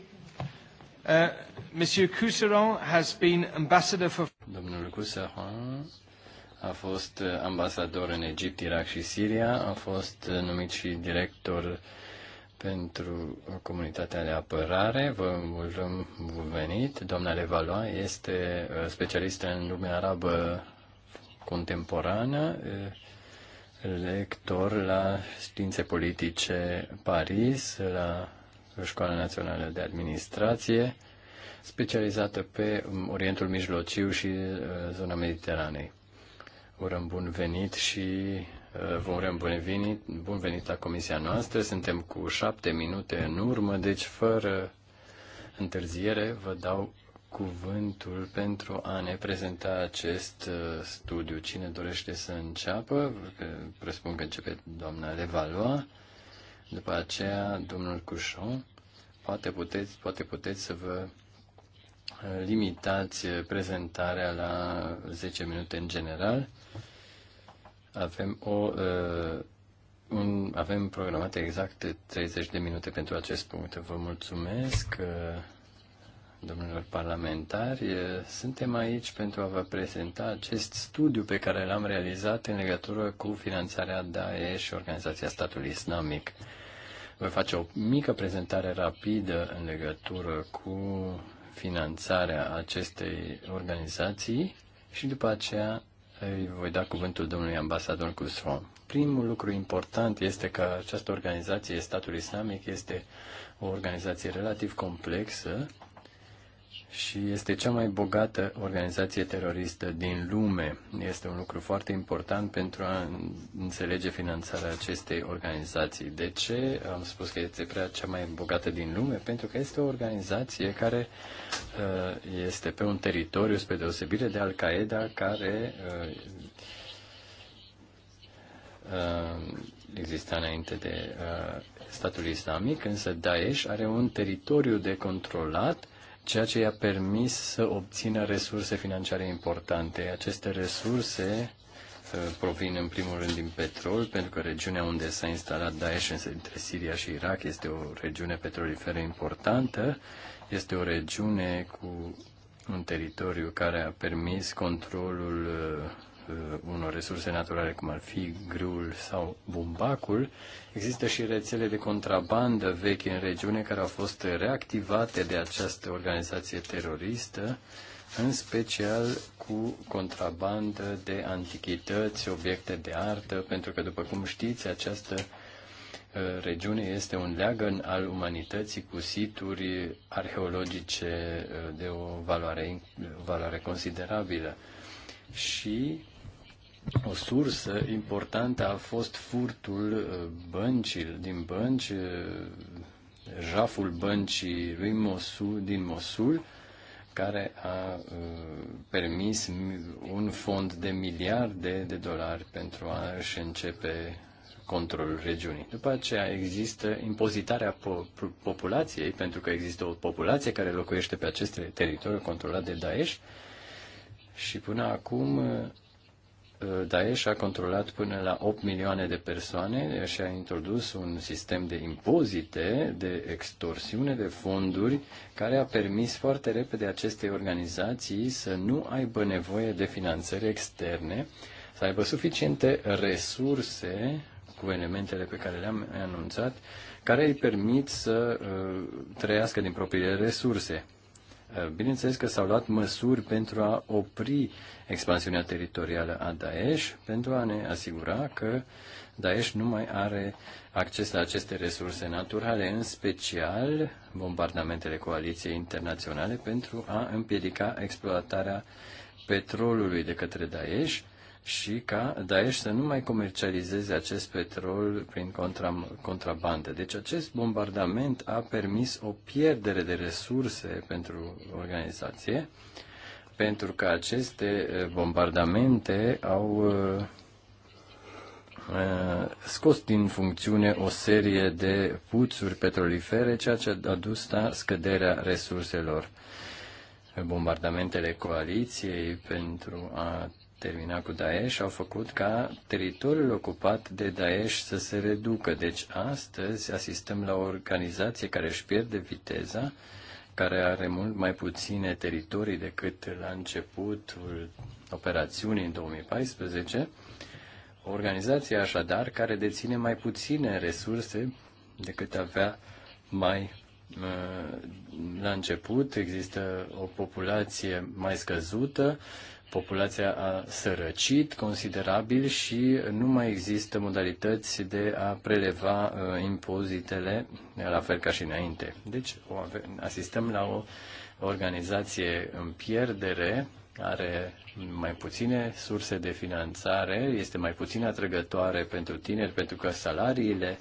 Uh, Monsieur Cousseron has been ambassador for... Domnul Cousseron a fost ambasador în Egipt, Irak și Siria, a fost numit și director pentru comunitatea de apărare. Vă mulțumim bun venit. Doamna Levaloa este uh, specialistă în lumea arabă contemporană, uh, lector la științe politice Paris, la Școala Națională de Administrație, specializată pe Orientul Mijlociu și uh, zona Mediteranei. Urăm bun venit și Eh, vă urăm bun venit, bun venit la comisia noastră. Suntem cu șapte minute în urmă, deci fără întârziere vă dau cuvântul pentru a ne prezenta acest eh, studiu. Cine dorește să înceapă, presupun că începe doamna Levaloa, după aceea domnul Cușon. Poate puteți, poate puteți să vă eh, limitați prezentarea la 10 minute în general avem o uh, un, avem programate exact 30 de minute pentru acest punct. Vă mulțumesc, uh, domnilor parlamentari. Uh, suntem aici pentru a vă prezenta acest studiu pe care l-am realizat în legătură cu finanțarea DAE și Organizația Statului Islamic. Voi face o mică prezentare rapidă în legătură cu finanțarea acestei organizații și după aceea îi voi da cuvântul domnului ambasador Cusron. Primul lucru important este că această organizație, statul islamic, este o organizație relativ complexă și este cea mai bogată organizație teroristă din lume. Este un lucru foarte important pentru a înțelege finanțarea acestei organizații. De ce am spus că este prea cea mai bogată din lume? Pentru că este o organizație care uh, este pe un teritoriu, spre deosebire de Al-Qaeda, care uh, uh, exista înainte de statul islamic, însă Daesh are un teritoriu de controlat ceea ce i-a permis să obțină resurse financiare importante. Aceste resurse uh, provin în primul rând din petrol, pentru că regiunea unde s-a instalat Daesh între Siria și Irak este o regiune petroliferă importantă, este o regiune cu un teritoriu care a permis controlul uh, Uh, unor resurse naturale, cum ar fi grâul sau bumbacul, există și rețele de contrabandă vechi în regiune care au fost reactivate de această organizație teroristă, în special cu contrabandă de antichități, obiecte de artă, pentru că, după cum știți, această uh, regiune este un leagăn al umanității cu situri arheologice uh, de o valoare, valoare considerabilă. Și o sursă importantă a fost furtul uh, băncii, din bănci, uh, jaful băncii lui Mosul, din Mosul, care a uh, permis un fond de miliarde de dolari pentru a-și începe controlul regiunii. După aceea există impozitarea po- populației, pentru că există o populație care locuiește pe aceste teritorii controlate de Daesh și până acum Uh, Daesh a controlat până la 8 milioane de persoane și a introdus un sistem de impozite, de extorsiune de fonduri, care a permis foarte repede acestei organizații să nu aibă nevoie de finanțări externe, să aibă suficiente resurse cu elementele pe care le-am anunțat, care îi permit să uh, trăiască din propriile resurse. Eh, bineînțeles că s-au luat măsuri pentru a opri expansiunea teritorială a Daesh, pentru a ne asigura că Daesh nu mai are acces la aceste resurse naturale, în special bombardamentele coaliției internaționale, pentru a împiedica exploatarea petrolului de către Daesh și ca Daesh să nu mai comercializeze acest petrol prin contra, contrabandă. Deci acest bombardament a permis o pierdere de resurse pentru organizație, pentru că aceste bombardamente au scos din funcțiune o serie de puțuri petrolifere, ceea ce a dus la scăderea resurselor. Bombardamentele coaliției pentru a termina cu Daesh au făcut ca teritoriul ocupat de Daesh să se reducă. Deci astăzi asistăm la o organizație care își pierde viteza, care are mult mai puține teritorii decât la începutul operațiunii în 2014. O organizație așadar care deține mai puține resurse decât avea mai uh, la început. Există o populație mai scăzută, populația a sărăcit considerabil și nu mai există modalități de a preleva uh, impozitele, la fel ca și înainte. Deci asistăm la o organizație în pierdere, are mai puține surse de finanțare, este mai puțin atrăgătoare pentru tineri, pentru că salariile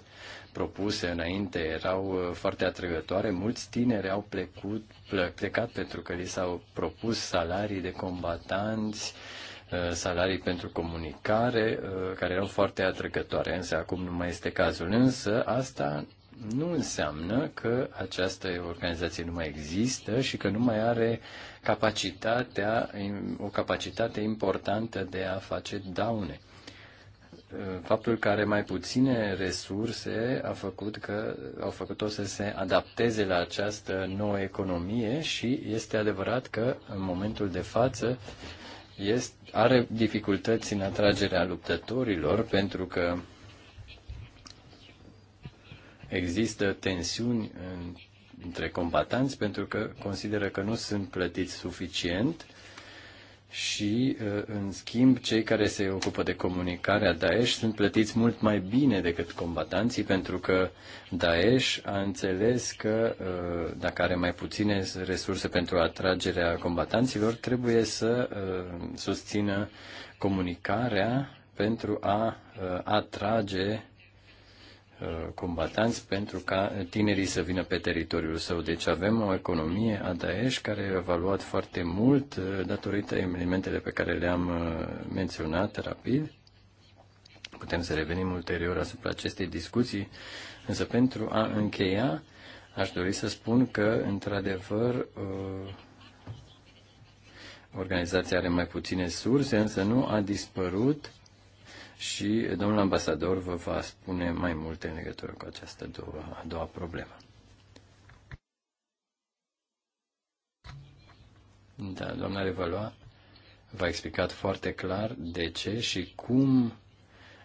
propuse înainte erau uh, foarte atrăgătoare. Mulți tineri au plecut, plecat pentru că li s-au propus salarii de combatanți, uh, salarii pentru comunicare, uh, care erau foarte atrăgătoare, însă acum nu mai este cazul. Însă asta nu înseamnă că această organizație nu mai există și că nu mai are capacitatea, o capacitate importantă de a face daune faptul că are mai puține resurse a făcut că au făcut-o să se adapteze la această nouă economie și este adevărat că în momentul de față este, are dificultăți în atragerea luptătorilor pentru că există tensiuni între combatanți pentru că consideră că nu sunt plătiți suficient și, uh, în schimb, cei care se ocupă de comunicarea Daesh sunt plătiți mult mai bine decât combatanții, pentru că Daesh a înțeles că, uh, dacă are mai puține resurse pentru atragerea combatanților, trebuie să uh, susțină comunicarea pentru a atrage Uh, combatanți pentru ca tinerii să vină pe teritoriul său. Deci avem o economie a Daesh care a evaluat foarte mult uh, datorită elementele pe care le-am uh, menționat rapid. Putem să revenim ulterior asupra acestei discuții, însă pentru a încheia aș dori să spun că, într-adevăr, organizația are mai puține surse, însă nu a dispărut și domnul ambasador vă va spune mai multe în legătură cu această două, a doua problemă. Da, doamna Revaloa v-a explicat foarte clar de ce și cum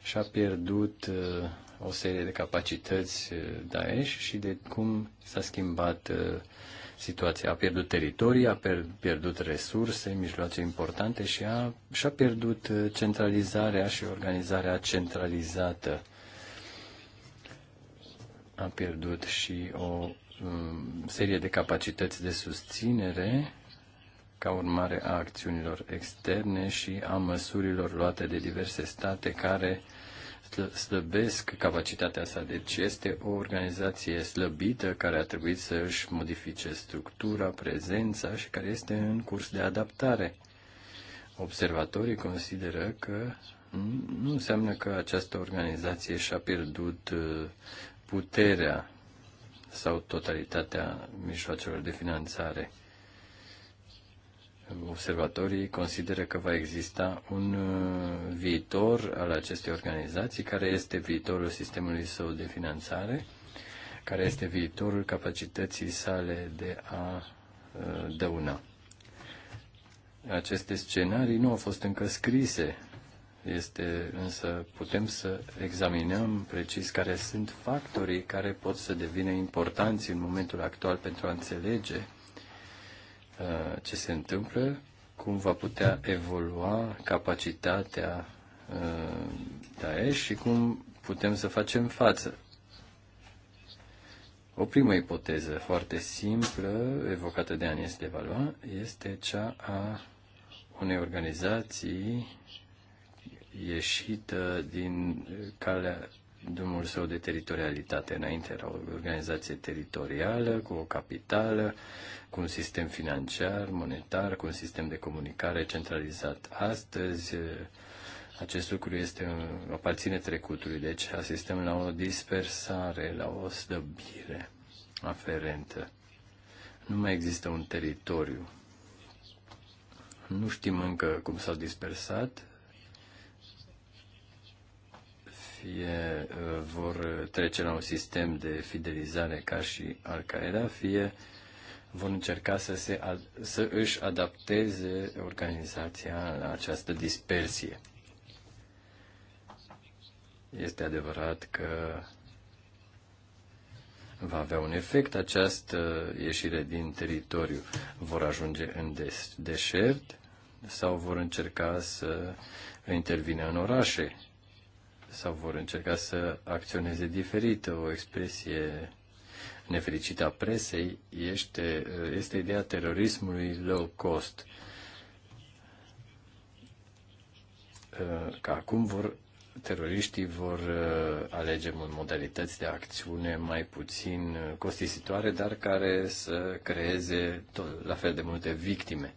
și-a pierdut uh, o serie de capacități uh, Daesh și de cum s-a schimbat uh, situație. A pierdut teritorii, a pierdut resurse, mijloace importante și a, și-a pierdut uh, centralizarea și organizarea centralizată. A pierdut și o um, serie de capacități de susținere ca urmare a acțiunilor externe și a măsurilor luate de diverse state care uh, slăbesc capacitatea sa. Deci este o organizație slăbită care a trebuit să își modifice structura, prezența și care este în curs de adaptare. Observatorii consideră că nu înseamnă că această organizație și-a pierdut uh, puterea sau totalitatea mijloacelor de finanțare observatorii consideră că va exista un uh, viitor al acestei organizații, care este viitorul sistemului său de finanțare, care este viitorul capacității sale de a uh, dăuna. Aceste scenarii nu au fost încă scrise, este însă putem să examinăm precis care sunt factorii care pot să devină importanți în momentul actual pentru a înțelege Uh, ce se întâmplă, cum va putea evolua capacitatea uh, Daesh și cum putem să facem față. O primă ipoteză foarte simplă, evocată de Anies de Valois, este cea a unei organizații ieșită din calea drumul său de teritorialitate. Înainte era o organizație teritorială, cu o capitală, cu un sistem financiar, monetar, cu un sistem de comunicare centralizat. Astăzi, acest lucru este, aparține trecutului, deci asistăm la o dispersare, la o slăbire aferentă. Nu mai există un teritoriu. Nu știm încă cum s-au dispersat, fie uh, vor trece la un sistem de fidelizare ca și Al-Qaeda, fie vor încerca să, se, să își adapteze organizația la această dispersie. Este adevărat că va avea un efect această ieșire din teritoriu. Vor ajunge în deșert sau vor încerca să intervină în orașe sau vor încerca să acționeze diferit. O expresie nefericită a presei este, este ideea terorismului low cost. Că acum vor, teroriștii vor uh, alege modalități de acțiune mai puțin costisitoare, dar care să creeze tot, la fel de multe victime.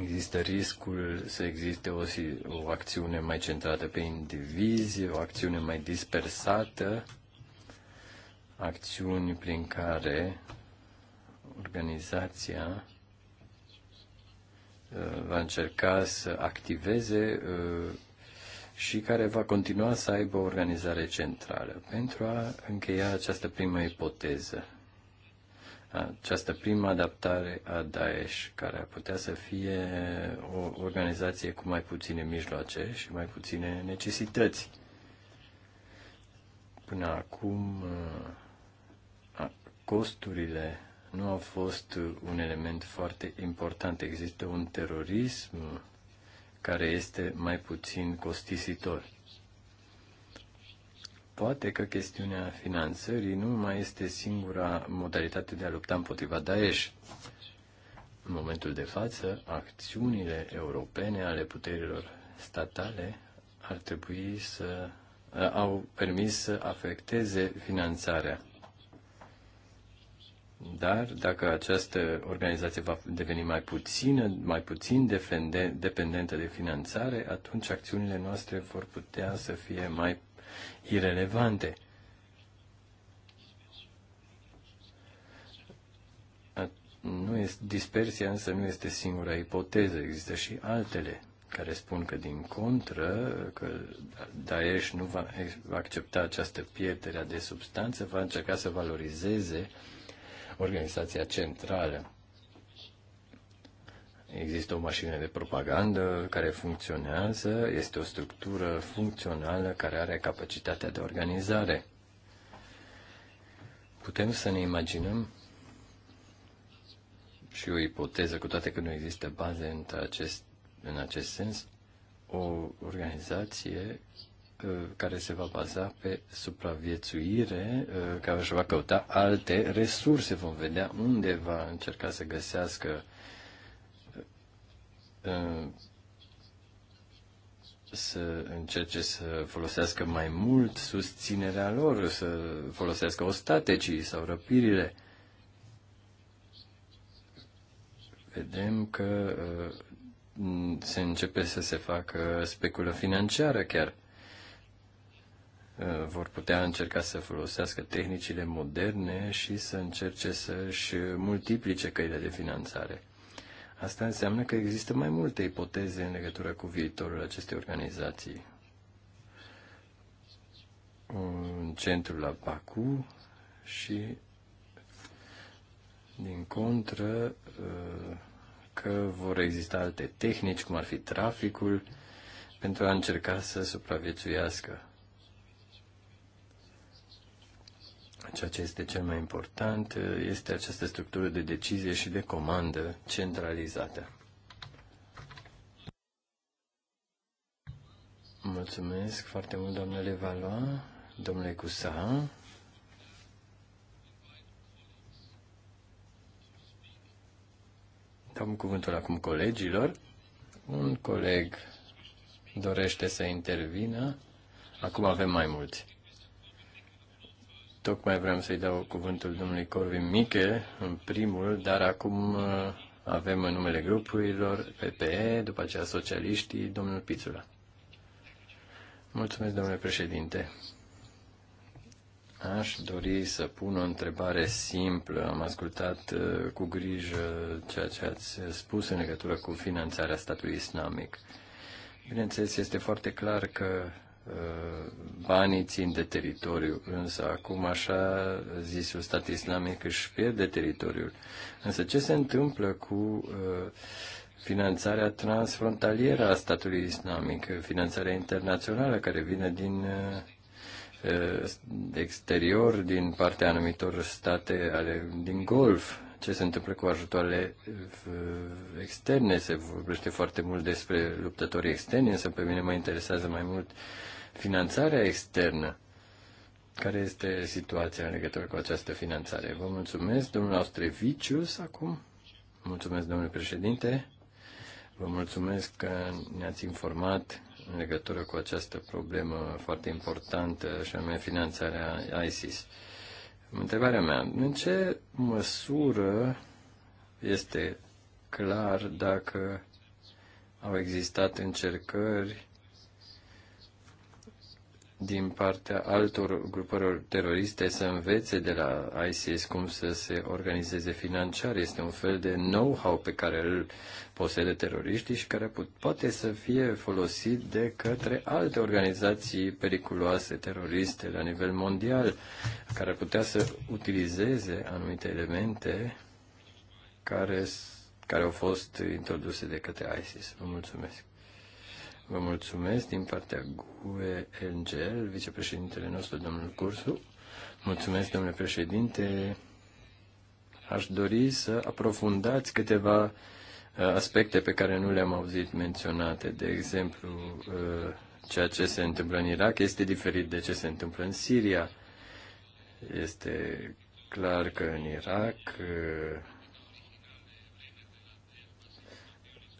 Există riscul să existe o, o acțiune mai centrată pe indivizi, o acțiune mai dispersată, acțiuni prin care organizația uh, va încerca să activeze uh, și care va continua să aibă o organizare centrală. Pentru a încheia această primă ipoteză, această primă adaptare a Daesh, care ar putea să fie o organizație cu mai puține mijloace și mai puține necesități. Până acum, uh, costurile nu au fost un element foarte important. Există un terorism care este mai puțin costisitor. Poate că chestiunea finanțării nu mai este singura modalitate de a lupta împotriva Daesh. În momentul de față, acțiunile europene ale puterilor statale ar trebui să au permis să afecteze finanțarea. Dar dacă această organizație va deveni mai puțină, mai puțin dependentă de finanțare, atunci acțiunile noastre vor putea să fie mai irelevante. Nu este, dispersia însă nu este singura ipoteză, există și altele care spun că din contră, că Daesh nu va accepta această pierdere de substanță, va încerca să valorizeze organizația centrală. Există o mașină de propagandă care funcționează, este o structură funcțională care are capacitatea de organizare. Putem să ne imaginăm și o ipoteză, cu toate că nu există baze în acest, în acest sens, o organizație uh, care se va baza pe supraviețuire, uh, care își va căuta alte resurse. Vom vedea unde va încerca să găsească uh, Uh, să încerce să folosească mai mult susținerea lor, să folosească ostatecii sau răpirile. Vedem că uh, se începe să se facă speculă financiară chiar. Uh, vor putea încerca să folosească tehnicile moderne și să încerce să-și multiplice căile de finanțare. Asta înseamnă că există mai multe ipoteze în legătură cu viitorul acestei organizații. Un centru la Baku și, din contră, că vor exista alte tehnici, cum ar fi traficul, pentru a încerca să supraviețuiască. Ceea ce este cel mai important uh, este această structură de decizie și de comandă centralizată. Mulțumesc foarte mult, domnule Valoa, domnule Cusa. Dăm cuvântul acum colegilor. Un coleg dorește să intervină. Acum avem mai mulți. Tocmai vreau să-i dau cuvântul domnului Corvin Miche, în primul, dar acum uh, avem în numele grupurilor PPE, după aceea socialiștii, domnul Pițula. Mulțumesc, domnule președinte. Aș dori să pun o întrebare simplă. Am ascultat uh, cu grijă ceea ce ați spus în legătură cu finanțarea statului islamic. Bineînțeles, este foarte clar că Uh, banii țin de teritoriu, însă acum așa zisul stat islamic își pierde teritoriul. Însă ce se întâmplă cu uh, finanțarea transfrontalieră a statului islamic, finanțarea internațională care vine din uh, exterior, din partea anumitor state ale, din Golf, ce se întâmplă cu ajutoarele externe. Se vorbește foarte mult despre luptătorii externi, însă pe mine mă interesează mai mult finanțarea externă. Care este situația în legătură cu această finanțare? Vă mulțumesc, domnul Austrevicius, acum. Mulțumesc, domnule președinte. Vă mulțumesc că ne-ați informat în legătură cu această problemă foarte importantă, și anume finanțarea ISIS. Întrebarea mea, în ce măsură este clar dacă au existat încercări din partea altor grupări teroriste să învețe de la ISIS cum să se organizeze financiar. Este un fel de know-how pe care îl posedă teroriștii și care poate să fie folosit de către alte organizații periculoase teroriste la nivel mondial, care ar putea să utilizeze anumite elemente care, care au fost introduse de către ISIS. Vă mulțumesc. Vă mulțumesc din partea GUE NGL, vicepreședintele nostru, domnul Cursu. Mulțumesc, domnule președinte. Aș dori să aprofundați câteva uh, aspecte pe care nu le-am auzit menționate. De exemplu, uh, ceea ce se întâmplă în Irak este diferit de ce se întâmplă în Siria. Este clar că în Irak uh,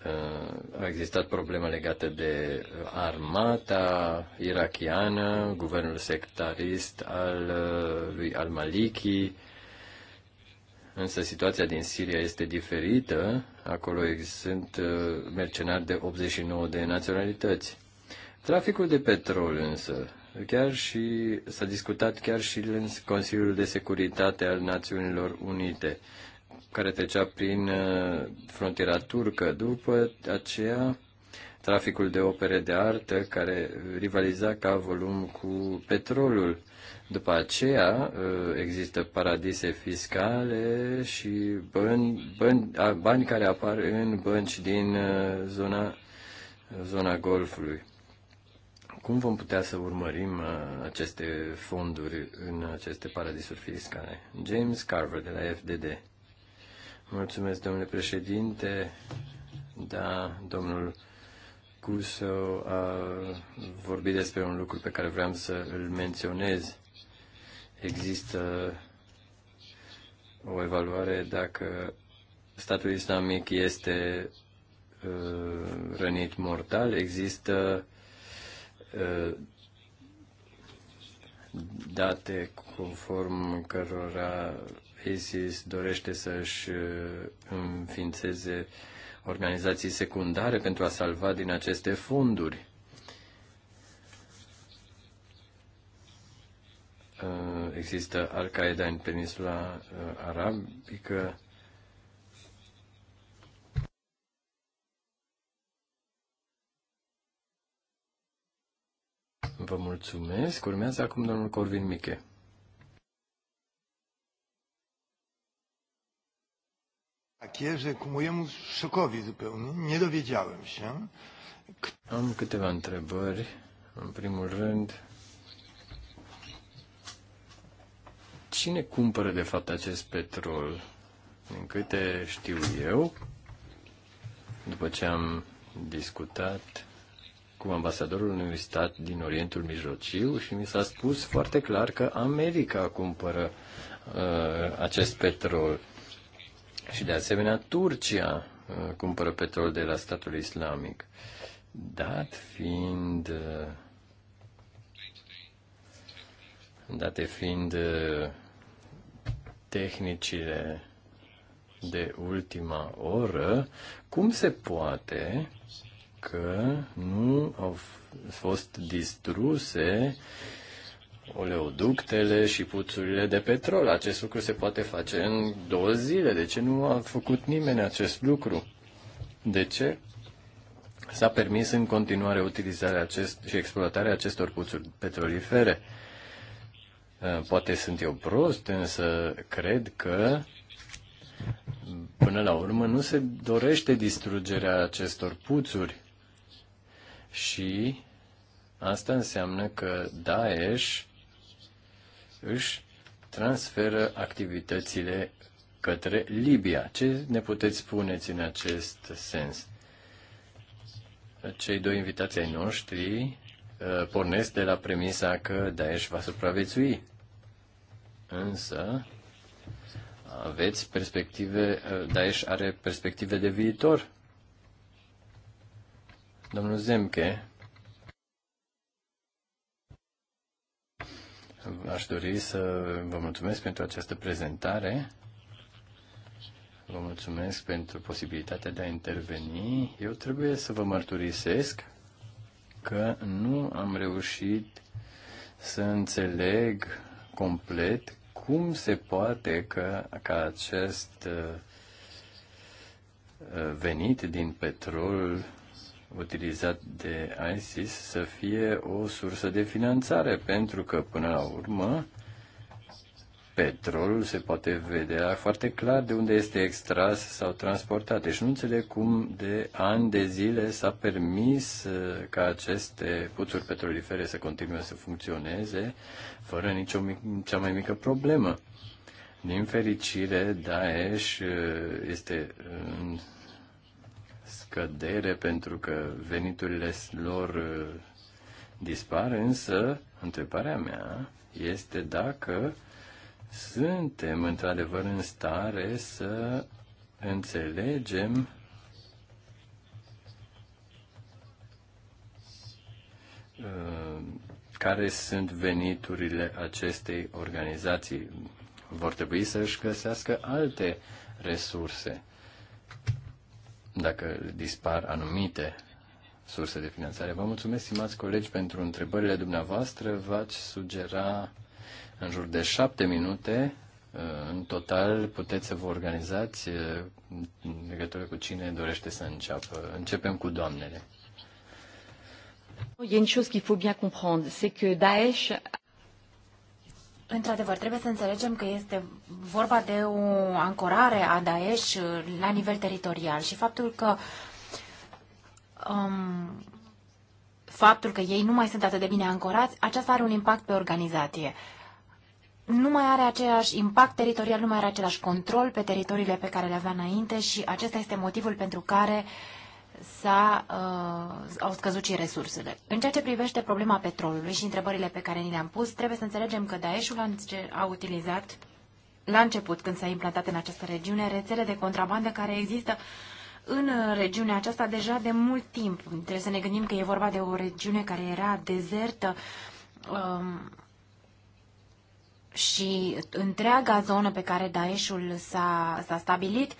Uh, au existat probleme legate de armata irachiană, guvernul sectarist al uh, lui al-Maliki, însă situația din Siria este diferită. Acolo sunt uh, mercenari de 89 de naționalități. Traficul de petrol însă, chiar și s-a discutat chiar și în Consiliul de Securitate al Națiunilor Unite care trecea prin uh, frontiera turcă. După aceea, traficul de opere de artă care rivaliza ca volum cu petrolul. După aceea uh, există paradise fiscale și bani, bani, bani care apar în bănci din uh, zona, zona Golfului. Cum vom putea să urmărim aceste fonduri în aceste paradisuri fiscale? James Carver de la FDD. Mulțumesc, domnule președinte. Da, domnul Cuso a vorbit despre un lucru pe care vreau să îl menționez. Există o evaluare dacă statul islamic este uh, rănit mortal. Există uh, date conform cărora ISIS dorește să-și uh, înființeze organizații secundare pentru a salva din aceste fonduri. Uh, există Al-Qaeda în peninsula uh, arabică. Vă mulțumesc. Urmează acum domnul Corvin Miche. Takie, że ku mojemu szokowi zupełnie nie dowiedziałem się. Am câteva întrebări. În primul rând, cine cumpără de fapt acest petrol? Din câte știu eu, după ce am discutat cu ambasadorul unui stat din Orientul Mijlociu și mi s-a spus foarte clar că America cumpără uh, acest petrol. Și de asemenea Turcia uh, cumpără petrol de la statul islamic. Dat fiind uh, date fiind uh, tehnicile de ultima oră, cum se poate că nu au fost distruse oleoductele și puțurile de petrol. Acest lucru se poate face în două zile. De ce nu a făcut nimeni acest lucru? De ce s-a permis în continuare utilizarea acest, și exploatarea acestor puțuri petrolifere? Uh, poate sunt eu prost, însă cred că până la urmă nu se dorește distrugerea acestor puțuri și Asta înseamnă că Daesh își transferă activitățile către Libia. Ce ne puteți spuneți în acest sens? Cei doi invitații ai noștri uh, pornesc de la premisa că Daesh va supraviețui. Însă, aveți perspective, uh, Daesh are perspective de viitor? Domnul Zemke, Aș dori să vă mulțumesc pentru această prezentare. Vă mulțumesc pentru posibilitatea de a interveni. Eu trebuie să vă mărturisesc că nu am reușit să înțeleg complet cum se poate că, ca acest uh, venit din petrol utilizat de ISIS să fie o sursă de finanțare, pentru că, până la urmă, petrolul se poate vedea foarte clar de unde este extras sau transportat. Deci nu înțeleg cum de ani de zile s-a permis uh, ca aceste puțuri petrolifere să continue să funcționeze fără nicio cea mai mică problemă. Din fericire, Daesh uh, este scădere pentru că veniturile lor uh, dispar, însă întrebarea mea este dacă suntem într-adevăr în stare să înțelegem uh, care sunt veniturile acestei organizații. Vor trebui să își găsească alte resurse dacă dispar anumite surse de finanțare. Vă mulțumesc, stimați colegi, pentru întrebările dumneavoastră. V-ați sugera în jur de șapte minute. Uh, în total puteți să vă organizați uh, în legătură cu cine dorește să înceapă. Începem cu doamnele. Il y a une chose qu'il faut bien comprendre, c'est que Daesh Într-adevăr, trebuie să înțelegem că este vorba de o ancorare a Daesh uh, la nivel teritorial și faptul că um, faptul că ei nu mai sunt atât de bine ancorați, aceasta are un impact pe organizație. Nu mai are același impact teritorial, nu mai are același control pe teritoriile pe care le avea înainte și acesta este motivul pentru care uh, s-a, uh, au scăzut și resursele. În ceea ce privește problema petrolului și întrebările pe care ni le-am pus, trebuie să înțelegem că Daeshul a utilizat la început, când s-a implantat în această regiune, rețele de contrabandă care există în uh, regiunea aceasta deja de mult timp. Trebuie să ne gândim că e vorba de o regiune care era dezertă um, și întreaga zonă pe care Daeshul s-a, stabilit uh,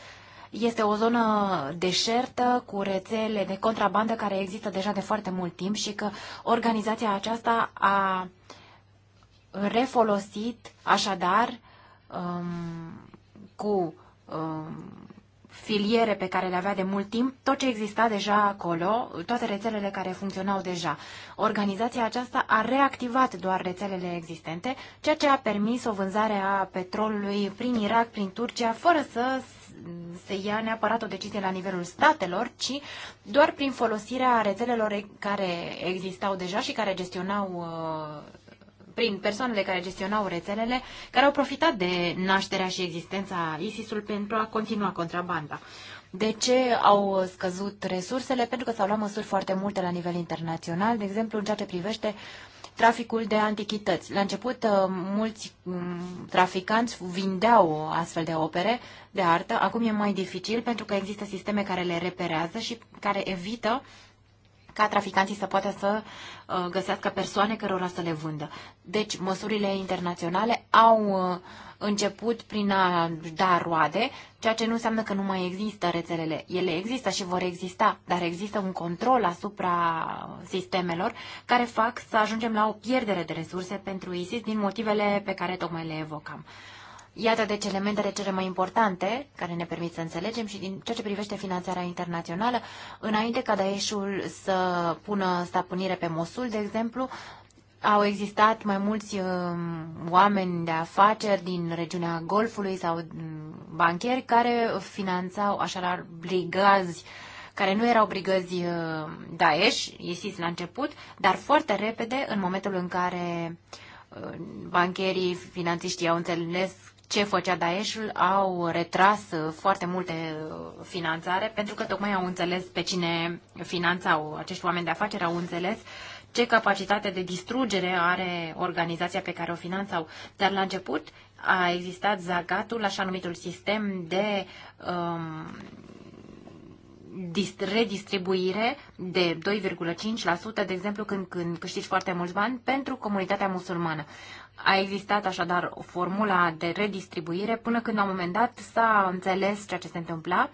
este o zonă deșertă cu rețele de contrabandă care există deja de foarte mult timp și că organizația aceasta a refolosit așadar um, cu um, filiere pe care le avea de mult timp, tot ce exista deja acolo, toate rețelele care funcționau deja. Organizația aceasta a reactivat doar rețelele existente, ceea ce a permis o vânzare a petrolului prin Irak, prin Turcia, fără să se ia neapărat o decizie la nivelul statelor, ci doar prin folosirea rețelelor care existau deja și care gestionau uh, prin persoanele care gestionau rețelele, care au profitat de nașterea și existența ISIS-ului pentru a continua contrabanda. De ce au scăzut resursele? Pentru că s-au luat măsuri foarte multe la nivel internațional, de exemplu în ceea ce privește uh, traficul de antichități. La început, uh, mulți mm, traficanți vindeau astfel de opere de artă, acum e mai dificil pentru că există sisteme care le reperează și care evită ca traficanții să poată să uh, găsească persoane cărora să le vândă. Deci, măsurile internaționale au uh, început prin a da roade, ceea ce nu înseamnă că nu mai există rețelele. Ele există și vor exista, dar există un control asupra sistemelor care fac să ajungem la o pierdere de resurse pentru ISIS din motivele pe care tocmai le evocam. Iată deci elementele cele mai importante care ne permit să înțelegem și din ceea ce privește finanțarea internațională, înainte ca Daeshul să pună stăpânire pe Mosul, de exemplu, au existat mai mulți um, oameni de afaceri din regiunea Golfului sau um, bancheri care finanțau așa la brigăzi, care nu erau brigăzi uh, Daesh, ISIS la început, dar foarte repede, în momentul în care uh, bancherii, finanțiștii au înțeles ce făcea Daeshul, au retras uh, foarte multe uh, finanțare pentru că tocmai au înțeles pe cine finanțau. Acești oameni de afaceri au înțeles ce capacitate de distrugere are organizația pe care o finanțau. Dar la început a existat zagatul, așa numitul sistem de um, redistribuire de 2,5%, de exemplu, când, când câștigi foarte mulți bani pentru comunitatea musulmană. A existat așadar o formula de redistribuire până când la un moment dat s-a înțeles ceea ce se întâmpla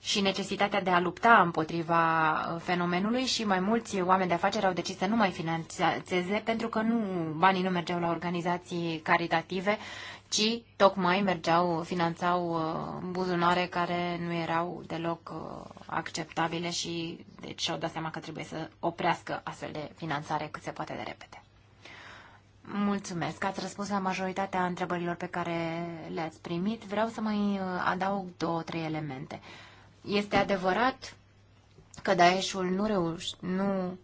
și necesitatea de a lupta împotriva uh, fenomenului și mai mulți oameni de afaceri au decis să nu mai finanțeze pentru că nu banii nu mergeau la organizații caritative, ci tocmai mergeau, finanțau uh, buzunare care nu erau deloc uh, acceptabile și deci și-au dat seama că trebuie să oprească astfel de finanțare cât se poate de repede. Mulțumesc că ați răspuns la majoritatea întrebărilor pe care le-ați primit. Vreau să mai uh, adaug două, trei elemente. Este adevărat că Daeshul nu, reuș- nu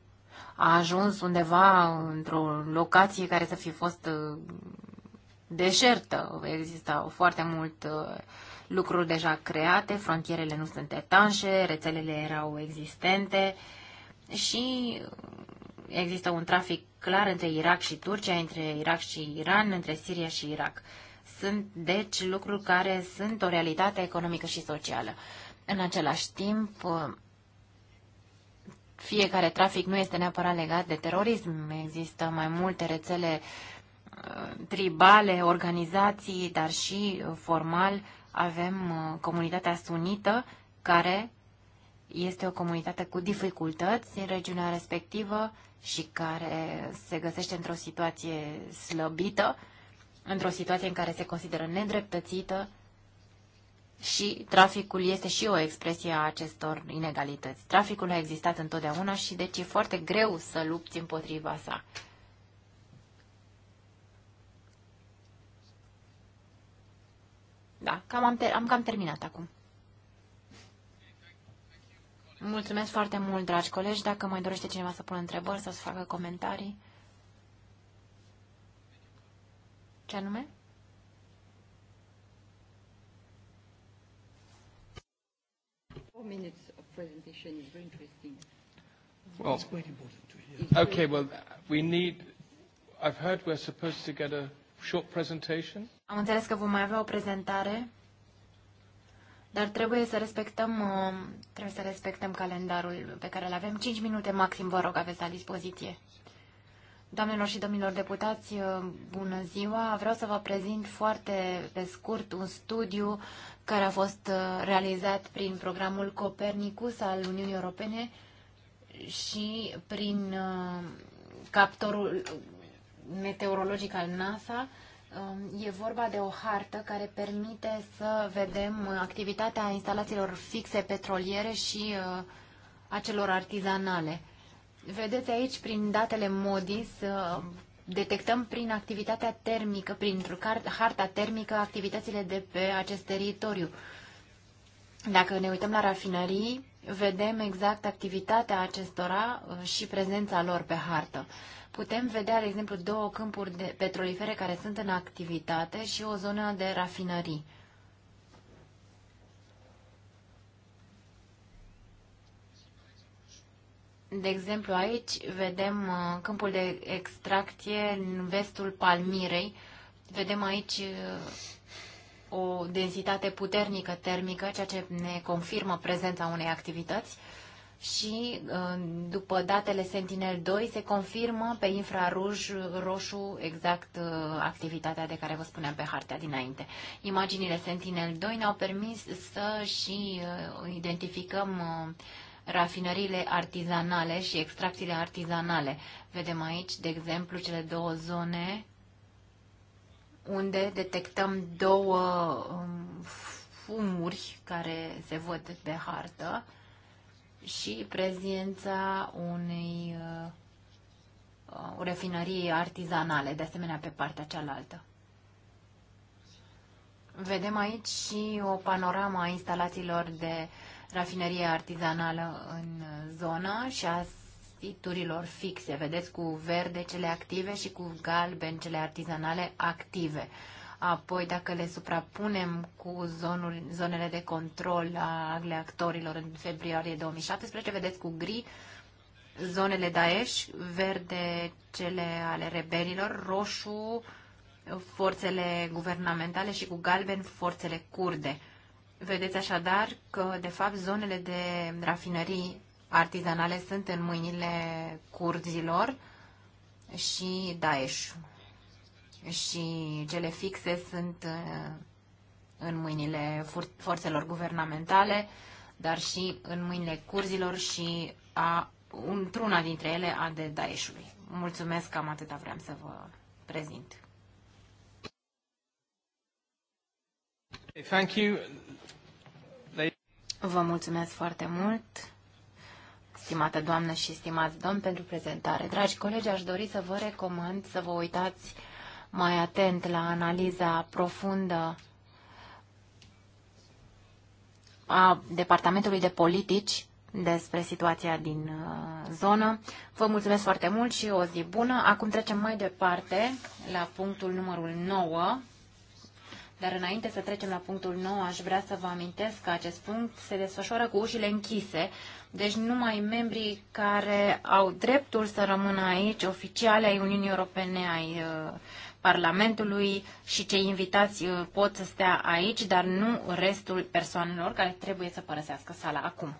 a ajuns undeva într-o locație care să fi fost uh, deșertă. Există foarte mult uh, lucruri deja create, frontierele nu sunt etanșe, rețelele erau existente și există un trafic clar între Irak și Turcia, între Irak și Iran, între Siria și Irak. Sunt, deci, lucruri care sunt o realitate economică și socială. În același timp, fiecare trafic nu este neapărat legat de terorism. Există mai multe rețele uh, tribale, organizații, dar și uh, formal avem uh, comunitatea sunită care este o comunitate cu dificultăți în regiunea respectivă și care se găsește într-o situație slăbită, într-o situație în care se consideră nedreptățită și traficul este și o expresie a acestor inegalități. Traficul a existat întotdeauna și deci e foarte greu să lupți împotriva sa. Da, cam am, ter- am cam terminat acum. Mulțumesc foarte mult, dragi colegi. Dacă mai dorește cineva să pună întrebări sau să facă comentarii. Ce anume? Well, Okay, well, we need, I've heard we're supposed to get a short presentation. Am înțeles că vom mai avea o prezentare dar trebuie să respectăm, uh, trebuie să respectăm calendarul pe care îl avem. 5 minute maxim, vă rog, aveți la dispoziție. Doamnelor și domnilor deputați, uh, bună ziua! Vreau să vă prezint foarte pe scurt un studiu care a fost uh, realizat prin programul Copernicus al Uniunii Europene și prin captorul meteorologic al NASA Um, e vorba de o hartă care permite să vedem activitatea instalațiilor fixe petroliere și uh, a celor artizanale. Vedeți aici, prin datele MODIS, uh, detectăm prin activitatea termică, prin harta termică, activitățile de pe acest teritoriu. Dacă ne uităm la rafinării, vedem exact activitatea acestora uh, și prezența lor pe hartă. Putem vedea, de exemplu, două câmpuri de petrolifere care sunt în activitate și o zonă de rafinării. De exemplu, aici vedem uh, câmpul de extracție în vestul Palmirei. Vedem aici uh, o densitate puternică termică, ceea ce ne confirmă prezența unei activități și uh, după datele Sentinel-2 se confirmă pe infraruj roșu exact uh, activitatea de care vă spuneam pe hartea dinainte. Imaginile Sentinel-2 ne-au permis să și uh, identificăm rafinările artizanale și extracțiile artizanale. Vedem aici, de exemplu, cele două zone unde detectăm două um, fumuri care se văd pe hartă și prezența unei uh, refinării artizanale, de asemenea pe partea cealaltă. Vedem aici și o panoramă a instalațiilor de rafinerie artizanală în zonă și a siturilor fixe. Vedeți cu verde cele active și cu galben cele artizanale active. Apoi, dacă le suprapunem cu zonuri, zonele de control ale actorilor în februarie 2017, vedeți cu gri zonele Daesh, verde cele ale rebelilor, roșu forțele guvernamentale și cu galben forțele kurde. Vedeți așadar că, de fapt, zonele de rafinării artizanale sunt în mâinile curzilor și Daesh. Și cele fixe sunt uh, în mâinile forțelor guvernamentale, dar și în mâinile curzilor și a, într-una dintre ele a de Daeshului. Mulțumesc, cam atâta vreau să vă prezint. Thank you. Vă mulțumesc foarte mult stimată doamnă și stimați domn, pentru prezentare. Dragi colegi, aș dori să vă recomand să vă uitați mai atent la analiza profundă a Departamentului de Politici despre situația din uh, zonă. Vă mulțumesc foarte mult și o zi bună. Acum trecem mai departe la punctul numărul 9 dar înainte să trecem la punctul 9, aș vrea să vă amintesc că acest punct se desfășoară cu ușile închise, deci numai membrii care au dreptul să rămână aici, oficiale ai Uniunii Europene, ai uh, Parlamentului și cei invitați uh, pot să stea aici, dar nu restul persoanelor care trebuie să părăsească sala acum.